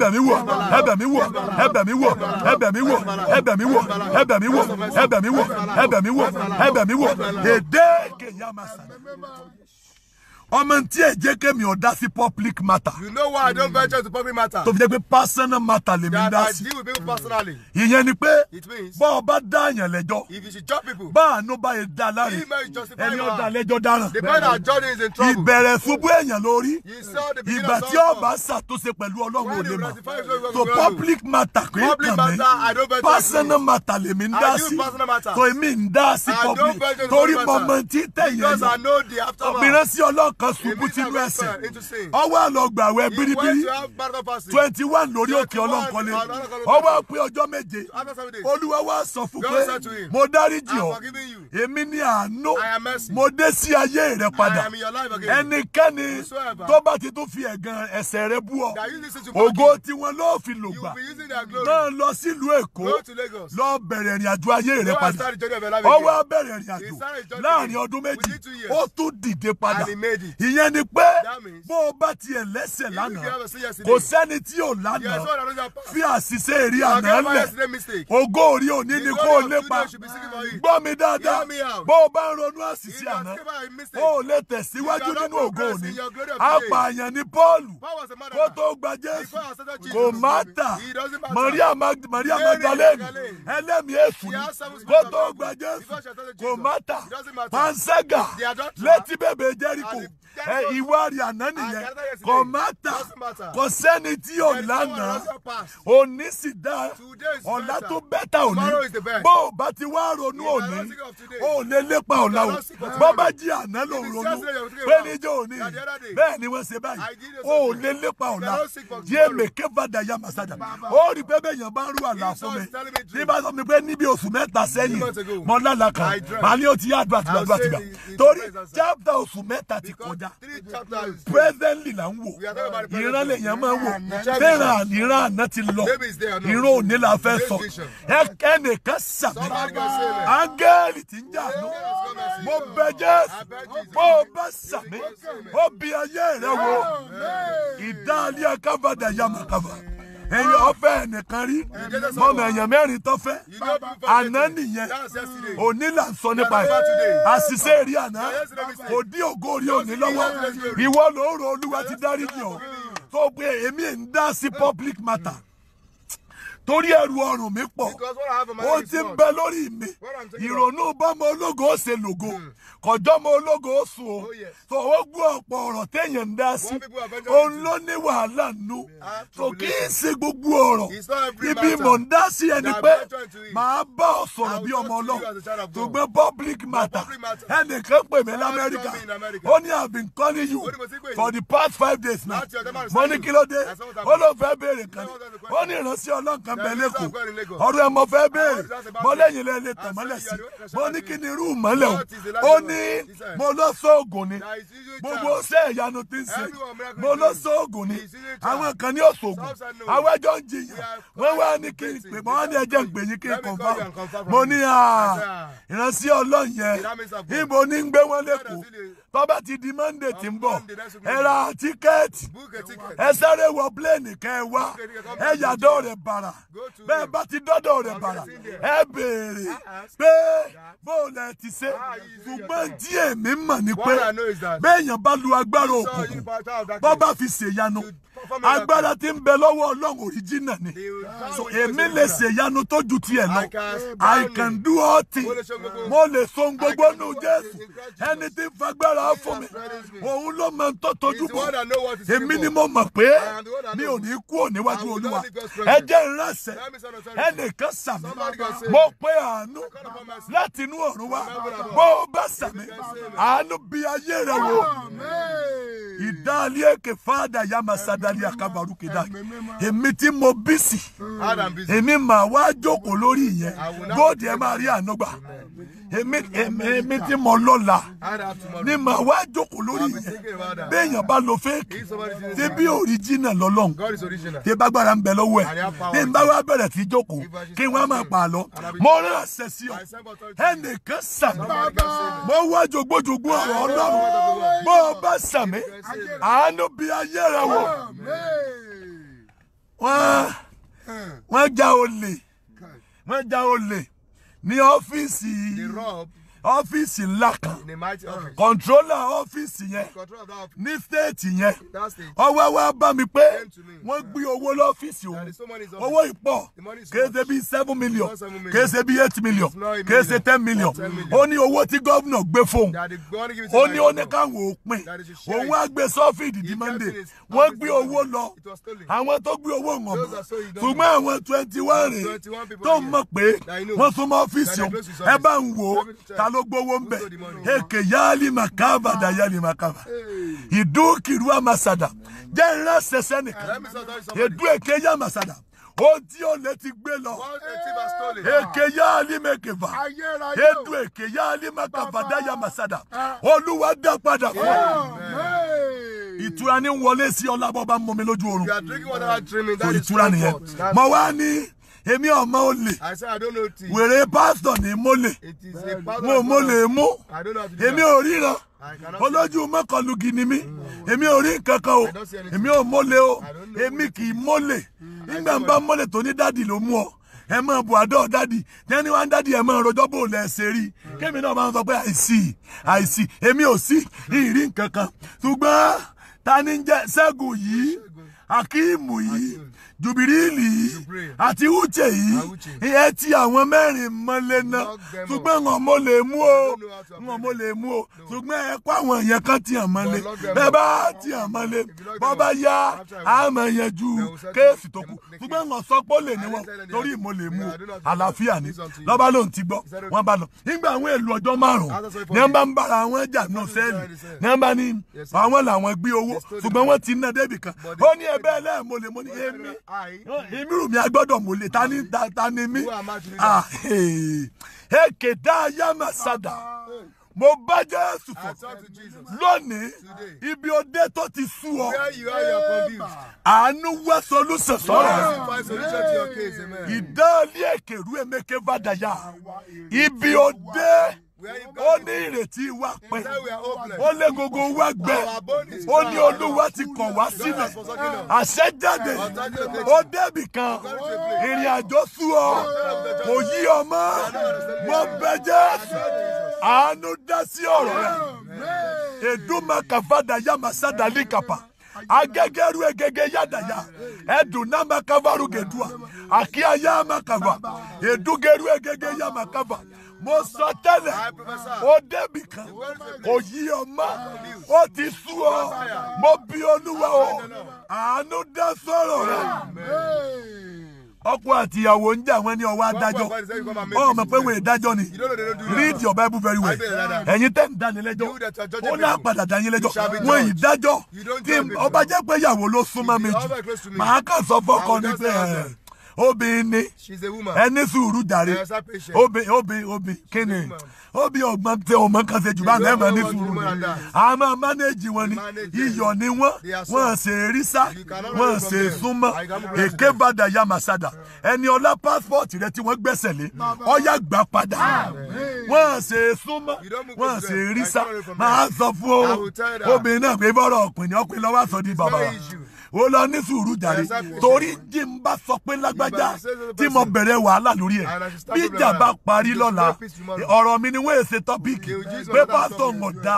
ẹ̀bẹ̀ mi wò ẹ̀bẹ̀ mi wò ẹ̀bẹ̀ mi wò ẹ̀bẹ̀ mi wò ẹ̀bẹ̀ mi wò ẹ̀bẹ̀ mi wò ẹ̀bẹ̀ mi wò ẹ̀bẹ̀ mi wò ẹ̀bẹ̀ mi mi wò èdè kèyàmásà ọmọ tí ẹ jẹ́ kémi ọ̀dá sí public matter. you know why i don't venture to public matter. tó fi jẹ́ pé personal matter lèmi ń dá sí. that i deal with people personally. ìyẹn ni pé bọ́ ọ bá dá àyàn lẹ́jọ́. if you should judge people. bá àánú bá yẹ da láre. he may justify lẹ́jọ́ dáràn. the man that judge is in trouble. ìbẹ̀rẹ̀ ṣubú èèyàn lórí. ìgbà tí ọba ṣàtúnṣe pẹ̀lú ọlọ́run ò lè mọ̀. so public matter kò é kàn mí. personal matter lèmi ń dá sí. tó èmi ń dá sí public. torí mọ̀mọ́ tí tẹ̀yẹ̀ ni. obìnrin sí ọlọ́k kan ṣubú sínú ẹ̀ṣẹ̀ ọwọ́ àlọ́gbàwẹ̀ biribiri twenty one lórí òkè ọlọ́nkọ́lé ọwọ́ pé ọjọ́ méje olúwa wá sọ fún pé mo dáríjì ọ́ èmi ni àánú mo dé sí ayé rẹ padà ẹnikẹ́ni tó bá ti tún fi ẹ̀gàn ẹ̀ṣẹ̀ rẹ bú ọ ògo tiwọn ló fi lò gbà náà lọ sílùú èkó lọ bẹ̀rẹ̀ ìrìn àjò ayé rẹ padà ọwọ́ abẹ́rẹ́ ìrìn àjò láàrin ọdún méjì ó tún dìde padà ìyẹn ni pé bó o bá tiẹ̀ lẹ́sẹ̀ lánàá kò sẹ́ni tí yóò lánàá fi àṣìṣe èrè àná lẹ̀ ògo òrí òní ni kó o lépa gbọ́ mi dáadáa bó o bá ń ronú àṣìṣe àná o ò lè tẹ̀síwájú nínú ògo òní apààyàn ni Pọ́ọ̀lù kó tó gba Jésù kò má tà Maria Magdalene ẹlẹ́mìí èṣù ni kó tó gba Jésù kò má tà panṣẹ́gà létí bèbè Jẹ́ríkò ìwárí àná ah, nìyẹn kò mátà kò sẹ́ni tí ò lánàá òní sì dá ọ̀la tó bẹ́tà òní bó o bá ti wá ronú òní o lè lépa ọ̀la o bó bá jí àná ló ronú pé níjọ́ òní bẹ́ẹ̀ ni wọ́n ṣe báyìí o lè lépa ọ̀la jí èmèké fàdà ya màsàdà ó rí pé bẹ́ẹ̀ yẹn bá rú àlà fún mi ní bá sọ mi pé níbi oṣù mẹ́ta sẹ́yìn mọ́ lálàkà màá ní o ti yá àdúrà tìgbà àdúrà tìgbà torí chapter oṣù mẹ́ta ti kọjá kọjá presently là ń wò ìran lèèyàn máa wò fẹ́ràn ìran àná ti lọ ìran òní la fẹ́ sọ ẹnìkan sàmì áńgẹ́lì tí ń jà lọ mo bẹ jésù Mo o bá sàmì ó bí ayé rẹ wo ìdá akábàdà yamakafa èyí ọfẹ nìkan rí mọmọ èèyàn mẹ́rin tọfẹ àná nìyẹn òní là ń sọ nípa ẹ àṣìṣe rí àná òdí ògo rí òní lọ́wọ́ ìwọ lóòrò olúwa ti dáríjì ọ tó gbé èmi ń dá sí public matter torí ẹrù ọrùn mi pọ̀ ó ti ń bẹ lórí mi ìrònú bọ́mọ ológo ó ṣe lògo hmm. kọjọ́ mọ ológo ó sùn o tó oh, ó gbọ́ ọ̀pọ̀ ọ̀rọ̀ téèyàn ń dá sí òun ló ní wàhálà nù tó kì í ṣe gbogbo ọ̀rọ̀ ibi mọ̀ ń dá sí ẹni pé màá bá ọ sọ̀rọ̀ bí ọmọ ọlọ́run tó gbé public matter ẹnìkan pè mí lamẹ́ríkà ó ní I've been calling you for the past five days now mo ní kí ló dé ó ló fẹ́ béèrè kan ó ní ìránṣẹ́ ọlọ́kan kan bẹ lẹ́kọ̀ọ́ ọ̀rọ̀ ẹ̀ mọ̀ fẹ́ béèrè mọ lẹ́yìn lẹ́ lè tàn mọ́lẹ̀ sí mo ní kí ni irú mọ́lẹ̀ o ó ní mo lọ sóògùn ni gbogbo ṣé ìyanu ti ń ṣe mo lọ sóògùn ni àwọn kan ní òṣògùn àwọn ẹjọ́ ń jiyàn wọ́n wá ní kí n pè mọ́ wọ́n ní ẹjẹ́ ń pè yín kí n confirm mo ní ah, ìránṣẹ́ ọlọ́yẹn ibo ní ń gbé wọn lẹ́kọ̀ọ́ tó ti di monday tí ń bọ̀ ẹ ra tíkẹ́ẹ̀tì ẹ sáré wọ pléènì kẹ́ ẹ wá ẹ yàdọ̀ rẹ̀ bàrà bẹ́ẹ̀ bá ti dọ́dọ̀ rẹ̀ bàrà ẹ béèrè pé bóòlù ẹ ti ṣe ah, ṣùgbọ́n tí èmi mọ̀ ni pé bẹ́ẹ̀ yẹn bá lu agbára òkùnkùn bọ́ bá fi ṣèyanu agbára tí ń bẹ lọ́wọ́ ọlọ́run òríjìnà ni so èmi lè ṣèyanu tó ju tiẹ̀ lọ i can do all things mo lè so gbogbo nù jésù ẹni tí ń fagbára fún mi òun ló máa ń tọ́tọ́jú bọ̀ èmi ni mo mọ̀ pé mi ò ní kú níwájú olúwa ẹ jẹ́ ìránṣẹ́ ẹnìkan sàmì mo pe àánú láti inú ọ̀run wá bó o bá sàmì àánú bí ayé rẹ wò ìdálé kefada yamasadaliya kabaru kedai èmi tí mo bí sí èmi màá wá jókòó lórí ìyẹn bóde ẹ máa rí ànágbà èmi tí mo lọ́la ni màá wá jókòó lórí yẹn béèyàn bá lo fake ṣé bí original lọ́lọ́run ṣé bágbára ń bẹ lọ́wọ́ ẹ̀ ní bá wá bẹ̀rẹ̀ sí jókòó kí wọ́n máa pa àlọ́ mo rán àṣẹ sí ọ ẹnìkan sàmì mo wá jogbójogún ọ̀rọ̀ ọlọ́run bó o bá sàmì àánú bí ayé rẹ wọ̀ wọ́n já olè wọ́n já olè ní ọ́fíìsì ọ́fíìsì ńlá kan kọ̀ǹtrólà ọ́fíìsì yẹn ní stéètì yẹn ọwọ́ wa bá mi pé wọ́n gbé owó lọ́fíìsì òun owó ìpọ̀ kéèsè bíi seven million kéèsè bíi eight million kéèsè ten million ó ní owó tí gómìnà gbé fóun ó ní ó ní káwọn òpin òun á gbé sọ́fíìdì di monday wọ́n gbé owó lọ àwọn tó gbé owó wọn mọ̀ ṣùgbọ́n àwọn twenty one rèé tó mọ̀ pé wọ́n súnmọ́ ọ́fíìsì òun ẹ bá ń wò ó ta ló gbowó ń bẹ̀ eke da màkàbà dà yáálì màkàbà ìdúkìrú àmàsàdà jẹ́ ìran ṣẹṣẹ́ nìkan èdú èké yá àmàsàdà ó tí ó lè ti gbé lọ. èké yá alimekeva edu èké yá alimakavada ya masada olúwa da padà fún ẹ. ìtura ní wọlé sí ọlábọ́ba mọ́mi lójú oorun. ìtura nìyẹn mọ̀ wá ní èmi ọmọ olè wèrè pásítọ̀ ní mólè mo mo mólè mú èmi ò ríran olójú mọ́kànlùgì ni mí mm. èmi ò rí nǹkan kan o èmi ò mólè o èmi kì í mólè mm. nígbà ń bá mólè tó ní dádì ló mú ọ ẹ mọ bu àdó dádì tẹni wá ń dádì ẹ mọ rojọ́ bò lẹ ṣe rí mm. kémi náà máa ń sọ pé àìsí àìsí èmi ò sí ìrí nǹkan kan ṣùgbọ́n ta ni ń jẹ ṣẹ́gun yìí akíìmù yìí jùbìrìlì àti uche yìí ìyẹn ti àwọn mẹ́rin mọ́lẹ̀ náà ṣùgbọ́n wọn mo lè mú o wọn mo lè mú o ṣùgbọ́n ẹ kó àwọn yẹn kan ti hàn mọ́lẹ̀ bẹ́ẹ̀ bá ti hàn mọ́lẹ̀ bọ́ bá yá àmọ́ yẹn ju kéèsì tó kù ṣùgbọ́n wọn sọ pé ó lè torí mo lè mú o àlàáfíà ni lọ́ba ló ń ti gbọ́ wọ́n bá lọ nígbà àwọn èlò ọjọ́ márùn-ún ní wọ́n bá ń bára ìmírù mi agbọ́dọ̀ mọ̀lẹ́ tani tani mi èkédá yamasada mo bá jésù fọ lónìí ibi òde tó ti sú ọ àánú wá solúsẹ sọ̀rọ̀ ìdá ilé èkèrú emeke vadaya ibi òde. ó ní ìrètí wa pẹ́ ó lé gbogbo wa gbe ó ní olúwa ti kọ̀ wá sílẹ̀ àṣẹ jáde ó débì kan ìrìn àjò sú ọ kò yí ọ mọ́ mo bẹ̀ Jésù àánú dá sí ọ̀rọ̀ rẹ̀ èdùmàkàfàdà yàmàsádàlíkàpà agegeru egege yadaya edunama kavaru gedua akia yamakava edugeru egege yamakava mo sọ tẹ́lẹ̀ ó débì kan kò yí ọ o ti sú ọ mo bí olúwa o àánú dá sọ̀rọ̀ rẹ àti ìyàwó ń jà wọn ní ọ pé wọn ìdájọ ni read your bible very well ẹyin tẹ ń dánilẹ́jọ́ ó náà padà wọn tí ọba pé ìyàwó ló sọ fọkọ ní pé Obi, ni ẹni sùúrù jàre Obi. Obi, Obi, kíni Obi, ọgbọ́n tẹ ọmọ kan ṣe jù bá náà máa ní sùúrù ni a máa mánéèjì wọn ni iyọ̀ ni wọ́n wọ́n ṣe rísà wọ́n ṣe súnmọ́ èké bàdà ya màsàdà ẹni ọlá pásítọ̀tì rẹ tí wọ́n gbẹ́sẹ̀ lé ọ̀yà gbà padà wọ́n ṣe súnmọ́ wọ́n ṣe rísà máa sọ fún Obi, náà pé bọ́rọ̀ ọ̀pìn ni ọ̀pìn lọ́wọ́ àsọdí bàbá wa ó lọ ní sùúrù jàre torí jí n bá sọ pé lágbájá tí mo bẹ̀rẹ̀ wàhálà lórí ẹ̀ bí ìjà bá parí lọ́la ọ̀rọ̀ mi ni wọ́n èsè tọ́píìkì pé pásítọ̀ ọ̀dà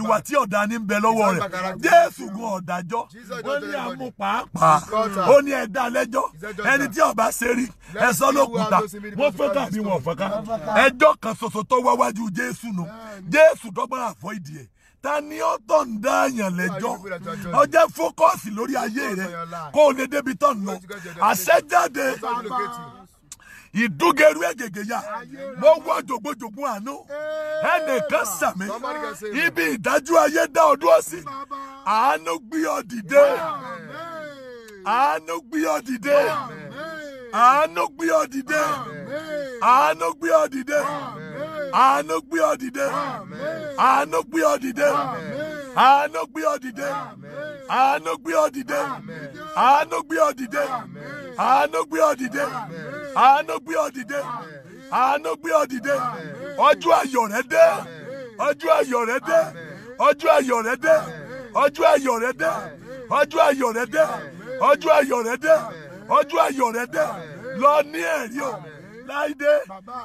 ìwà tí ọ̀dà ní bẹ lọ́wọ́ rẹ̀ jésù gun ọ̀dàjọ́ wọ́n ní àmú pàápàá ó ní ẹ̀dá lẹ́jọ́ ẹni tí ọba ṣe rí ẹ̀sọ́ ló kùtà wọ́n fẹ́ tàbí wọn fẹ́ ká ẹjọ́ kan ṣoṣo tó wáwájú jésù nù jésù dọ́gbọ́n àfọ́ ìdí ẹ̀ ta ni ó tọ̀ ń dá àyàn lẹ́jọ́ ọjọ́ fókọ́sì lórí ayé rẹ kó o lè débi tọ̀ ń lọ àṣẹjáde ìdúgẹrú ẹgẹgẹ ya mo wọ jògbójògbón àánú ẹnìkan sàmì ibi ìdájú ayé dá ọdún ọsìn àánú gbé ọ dìde àánú gbé ọ dìde àánú gbé ọ dìde àánú gbé ọ dìde àánú gbé ọ dìde àánú gbé ọ dìde àánú gbé ọ dìde àánú gbé ọ dìde àánú gbé ọ dìde àánú gbé ọ dìde àánú gbé ọ dìde àánú gbé ọ dìde ọjọ́ ayọ̀ rẹ dé ọjọ́ ayọ̀ rẹ dé ọjọ́ ayọ̀ rẹ dé ọjọ́ ayọ̀ rẹ dé ọjọ́ ayọ̀ rẹ dé ọjọ́ ayọ̀ rẹ dé ọjọ́ ayọ̀ rẹ dé lọ ní ẹ̀rí o láìdé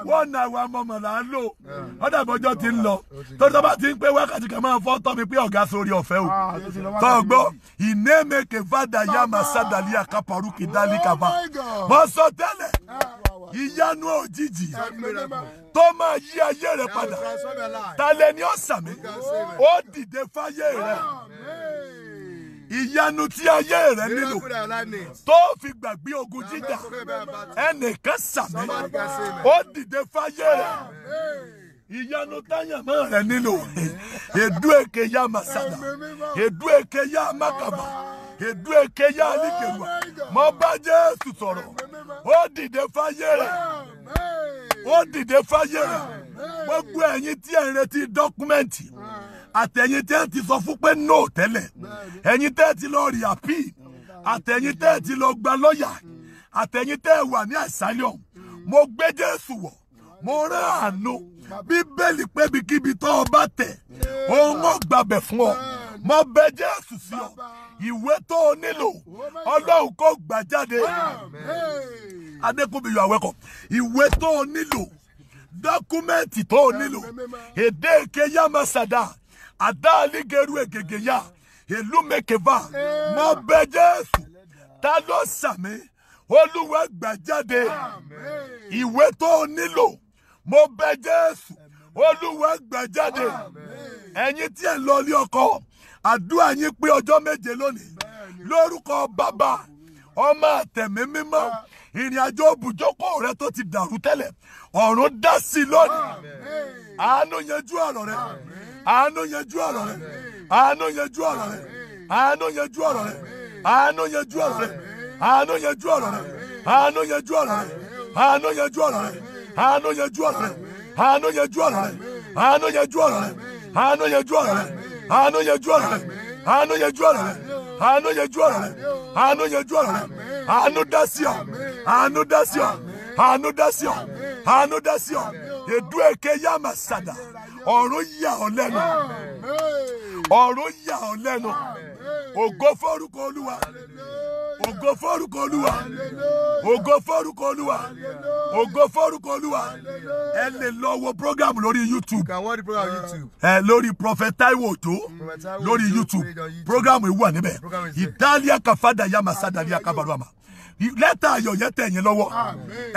wọ́n na àwọn ọmọ là ń lò ọ̀dàbọ̀jọ́ ti ń lọ torí tọ́ba ti ń pé wákàtí kan máa fọ́ tọ́ mi pé ọ̀gá sórí ọ̀fẹ́ o ah, tọ́gbọ́ ìnẹ́mẹ̀kẹ́ fàdà yàmà sádàlí àkàpàrúkì dálí oh kàfà mọ́ sọ tẹ́lẹ̀ ah, ìyanu òjijì tó máa yí ayé rẹ̀ padà ta lẹni ọ̀sàmì ó dìde fáyé rẹ̀. Ah ìyanu tí ayé rẹ nílò tó fi gbàgbé ogun jíjà ẹnìkan sàmì ó dìde fáyé rẹ ìyanu táyàmọ́ rẹ nílò èdú èké yá màsàdà èdú èké yá mákàbà èdú èké yá alíkèrúà oh mo bá Jésù sọ̀rọ̀ ó dìde fáyé rẹ ó dìde fáyé rẹ gbogbo ẹ̀yin tí ẹ̀ retí dọ́kúmẹ́ǹtì àtẹ̀yìn tẹ́ ti sọ fún pé no tẹ́lẹ̀ ẹ̀yin tẹ́ ti lọ rí àpì àtẹ̀yìn tẹ́ ti lọ gba lọ́yà àtẹ̀yìn tẹ́ wà ní asylum mo gbé Jésù wọ̀ mo rán àánú bíbélì pébi-kíbi tó o bá tẹ̀ òun ò gbàbẹ̀ fún ọ mo bẹ Jésù sí ọ ìwé tó o nílò Ọlọ́run kò gbà jáde Adékúnmi yọ àwẹ́kọ̀ ìwé tó o nílò dọ́kúmẹ́ǹtì tó o nílò èdè èké àdáàlígẹrù ègègè yá ìlú mẹkẹfà mo bẹ jésù ta ló sàmì olúwa gbà jáde ìwé tó o nílò mo bẹ jésù olúwa gbà jáde ẹ̀yin tí ẹ lọ ilé ọkọ àdúrà yín pé ọjọ́ méje lónìí lórúkọ bàbá ọmọ àtẹ̀mí mímọ́ ìrìn àjò òbújókò rẹ tó ti dàrú tẹ́lẹ̀ ọ̀run dá sí lónìí àánú yanjú ọ̀rọ̀ rẹ àánú yanjú ọ̀rọ̀ rẹ àánú yanjú ọ̀rọ̀ rẹ àánú yanjú ọ̀rọ̀ rẹ àánú yanjú ọ̀rọ̀ rẹ àánú yanjú ọ̀rọ̀ rẹ àánú yanjú ọ̀rọ̀ rẹ àánú yanjú ọ̀rọ̀ rẹ àánú yanjú ọ̀rọ̀ rẹ àánú yanjú ọ̀rọ̀ rẹ àánú yanjú ọ̀rọ̀ rẹ àánú yanjú ọ̀rọ̀ rẹ àánú yanjú ọ̀rọ̀ rẹ àánú yanjú ọ̀rọ̀ rẹ àánú yanjú ọ̀rọ̀ rẹ àánú yanjú ọ̀rọ̀ rẹ àánú dá sí ọ àánú dá sí ọ àánú dá sí ọ àánú dá sí ọ èdú èké yá màsàdà ọ̀run yà ọ́ lẹ́nu ọ̀run yà ọ́ lẹ́nu ògo fọ́rúkọ olúwa ògo fọ́rúkọ olúwa ògo fọ́rúkọ olúwa ògo fọ́rúkọ olúwa ẹ lè lọ wo program lórí youtube ẹ lórí prophet taiwo ojo lórí youtube program yìí wà níbẹ̀ ìdálẹ́ kàfádà yà màsá dàlẹ́ kàbàrọ̀ àmà lẹ́tà ayọ̀ yẹn tẹ̀ yín lọ́wọ́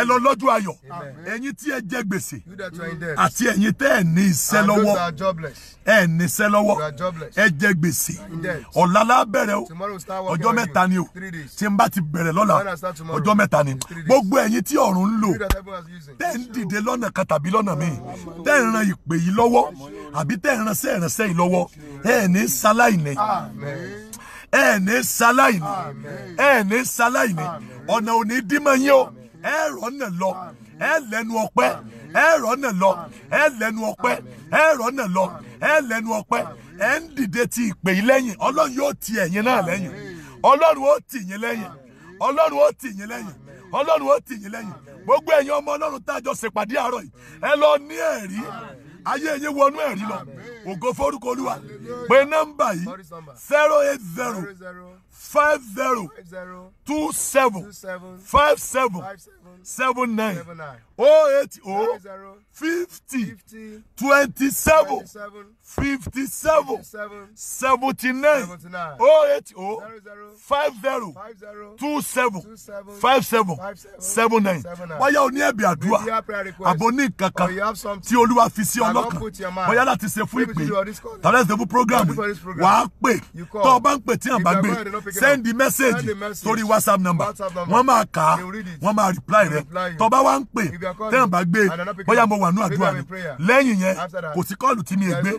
ẹ lọ lọ́jọ́ ayọ̀ ẹ̀yin tí ẹ jẹ gbèsè àti ẹ̀yin tẹ́ ẹ̀ ní iṣẹ́ lọ́wọ́ ẹ̀ ní iṣẹ́ lọ́wọ́ ẹ jẹ gbèsè ọ̀la la bẹ̀rẹ̀ o ọjọ́ mẹ́ta ni o tí n bá ti bẹ̀rẹ̀ lọ́la ọjọ́ mẹ́ta ni gbogbo ẹ̀yin tí ọ̀run ń lò tẹ́ ń dìde lọ́nà kan tàbí lọ́nà míì tẹ́ ń ran ìpè yìí lọ́wọ́ àbí tẹ́ ń ran sẹ́ẹ̀rẹ̀sẹ́ yìí lọ́wọ́ ẹ̀ ní ẹ ní ṣaláìní ẹ ní ṣaláìní ọ̀nà o ẹ nà lọ ẹ lẹ́nu lọ ẹ lẹ́nu lọ ẹ lẹ́nu ti ìpè yín lẹ́yìn ọlọ́run yóò ti ẹ̀yìn náà lẹ́yìn ọlọ́run ó ti yín lẹ́yìn ọlọ́run ó gbogbo ẹ̀yin ọmọ ọlọ́run tá a jọ ṣèpàdé àárọ̀ yìí ẹ ayé yẹn wọnú ẹ̀rí lọ ògo forúkọ olúwa pé nọ́mbà yìí zero eight zero five zero two seven five seven seven nine oh eight oh fifty twenty seven fifty seven seventy nine oh eight oh five zero two seven five seven seven nine bóyá o ní ẹ̀bì àdúrà àbò ní kankan tí olúwa fi sí ọlọ́kan bóyá láti ṣe fún ìpè tàbí ẹ̀sìn program wà á pè tó o bá ń pè tí à gbé send the message sórí whatsapp number wọ́n máa kà á wọ́n máa reply reply rẹ tó bá wá ń pè tẹ́yàn bá gbé bóyá mo wà ní àdúrà mi lẹ́yìn yẹn kò sí kọ́ọ̀lù tí mi ì gbé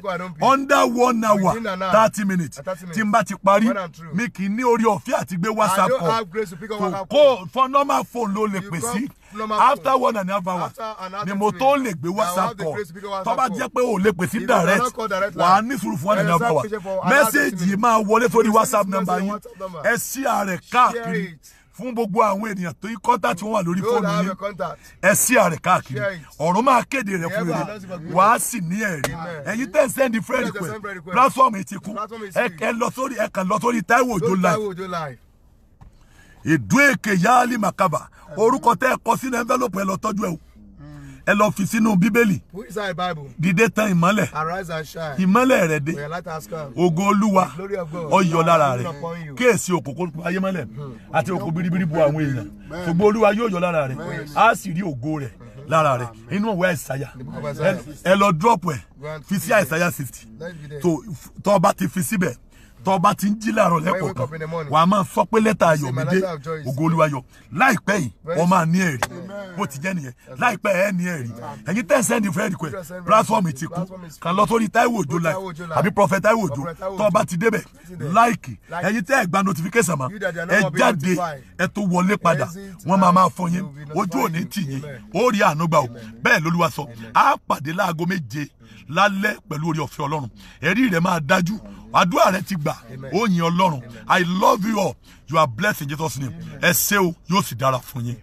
under one hour thirty minutes tí n bá ti parí mi kì í ní orí ọ̀fẹ́ àti gbé whatsapp kọ kó fọ normal phone ló lè pè sí after one and a half hour ni mo tó lè gbé whatsapp kọ tó bá jẹ́ pé o lè pè sí direct wà á ní sùúrù fún one and a half hour mẹ́sẹ̀gì máa wọlé sórí whatsapp number yín ẹ ṣí ààrẹ káàkiri fún gbogbo àwọn ènìyàn tó yí kọ́ńtà tí wọ́n wà lórí fóònù yín ẹ sí àrẹ káàkiri ọ̀run máa kéde rẹ̀ fún rere wàá sì ní ẹ̀rí ẹ̀yin tẹ́ ń sẹ́ndì friend request platform ti kú ẹ lọ sórí ẹ kàn lọ sórí Taiwo Ojo live ìdú èkè yáálì màkàbà orúkọ tẹ́ ẹ kọ sínú envelope ẹ lọ tọ́jú ẹ o ẹ lọ fi sínú bíbélì. Which is Bible? Dìde tan ìmọ́lẹ̀. Arise and shine. Ìmọ́lẹ̀ rẹ̀ dé. For your light has come. Ògo Olúwa. Glory of God. Ọyọ̀ lára rẹ̀. Kéèsì òkòkò ayé mọ́lẹ̀ hmm. àti òkò biribiri bu àwọn èèyàn. Ṣùgbọ́n Olúwa yóò yọ lára rẹ̀. A sì rí ògo rẹ̀ lára rẹ̀ inú ìwé àìsàyà ẹ lọ drop ẹ fi sí àìsàyà sixty tó bá ti fi síbẹ̀ tó bá ti ń jí láàárọ̀ lẹ́kọ̀ọ̀kan wà á máa sọ pé lẹ́tà ayọ̀mídé ògolúwayọ̀ láìpẹ́ yìí wọ́n máa ní ẹ̀rí bó ti jẹ́ nìyẹn láìpẹ́ ẹ̀ ní ẹ̀rí ẹ̀yin tẹ́ sẹ́ndì fẹ́ rí pẹ́ platform ti kú kàn lọ sórí Táíwò Òjó like àbí prophet Taiwo. Òjó tó bá ti débẹ̀ like ẹ̀yin tẹ́ ẹ̀ gba notification ma ẹ jáde ẹ tó wọlé padà wọ́n máa máa fún yín ojú òní tì yín ó rí àánú gbà ó bẹ́ẹ̀ lolúwa sọ á pàdé láago méje lálẹ́ pẹ̀lú orí ọ̀fẹ́ ọlọ́run ẹ̀rí rẹ̀ máa dájú àdúrà rẹ̀ ti gbà ó yin ọlọ́run i love you all you are blessed in jesus name ẹ ṣé o yóò sì dára fún yín.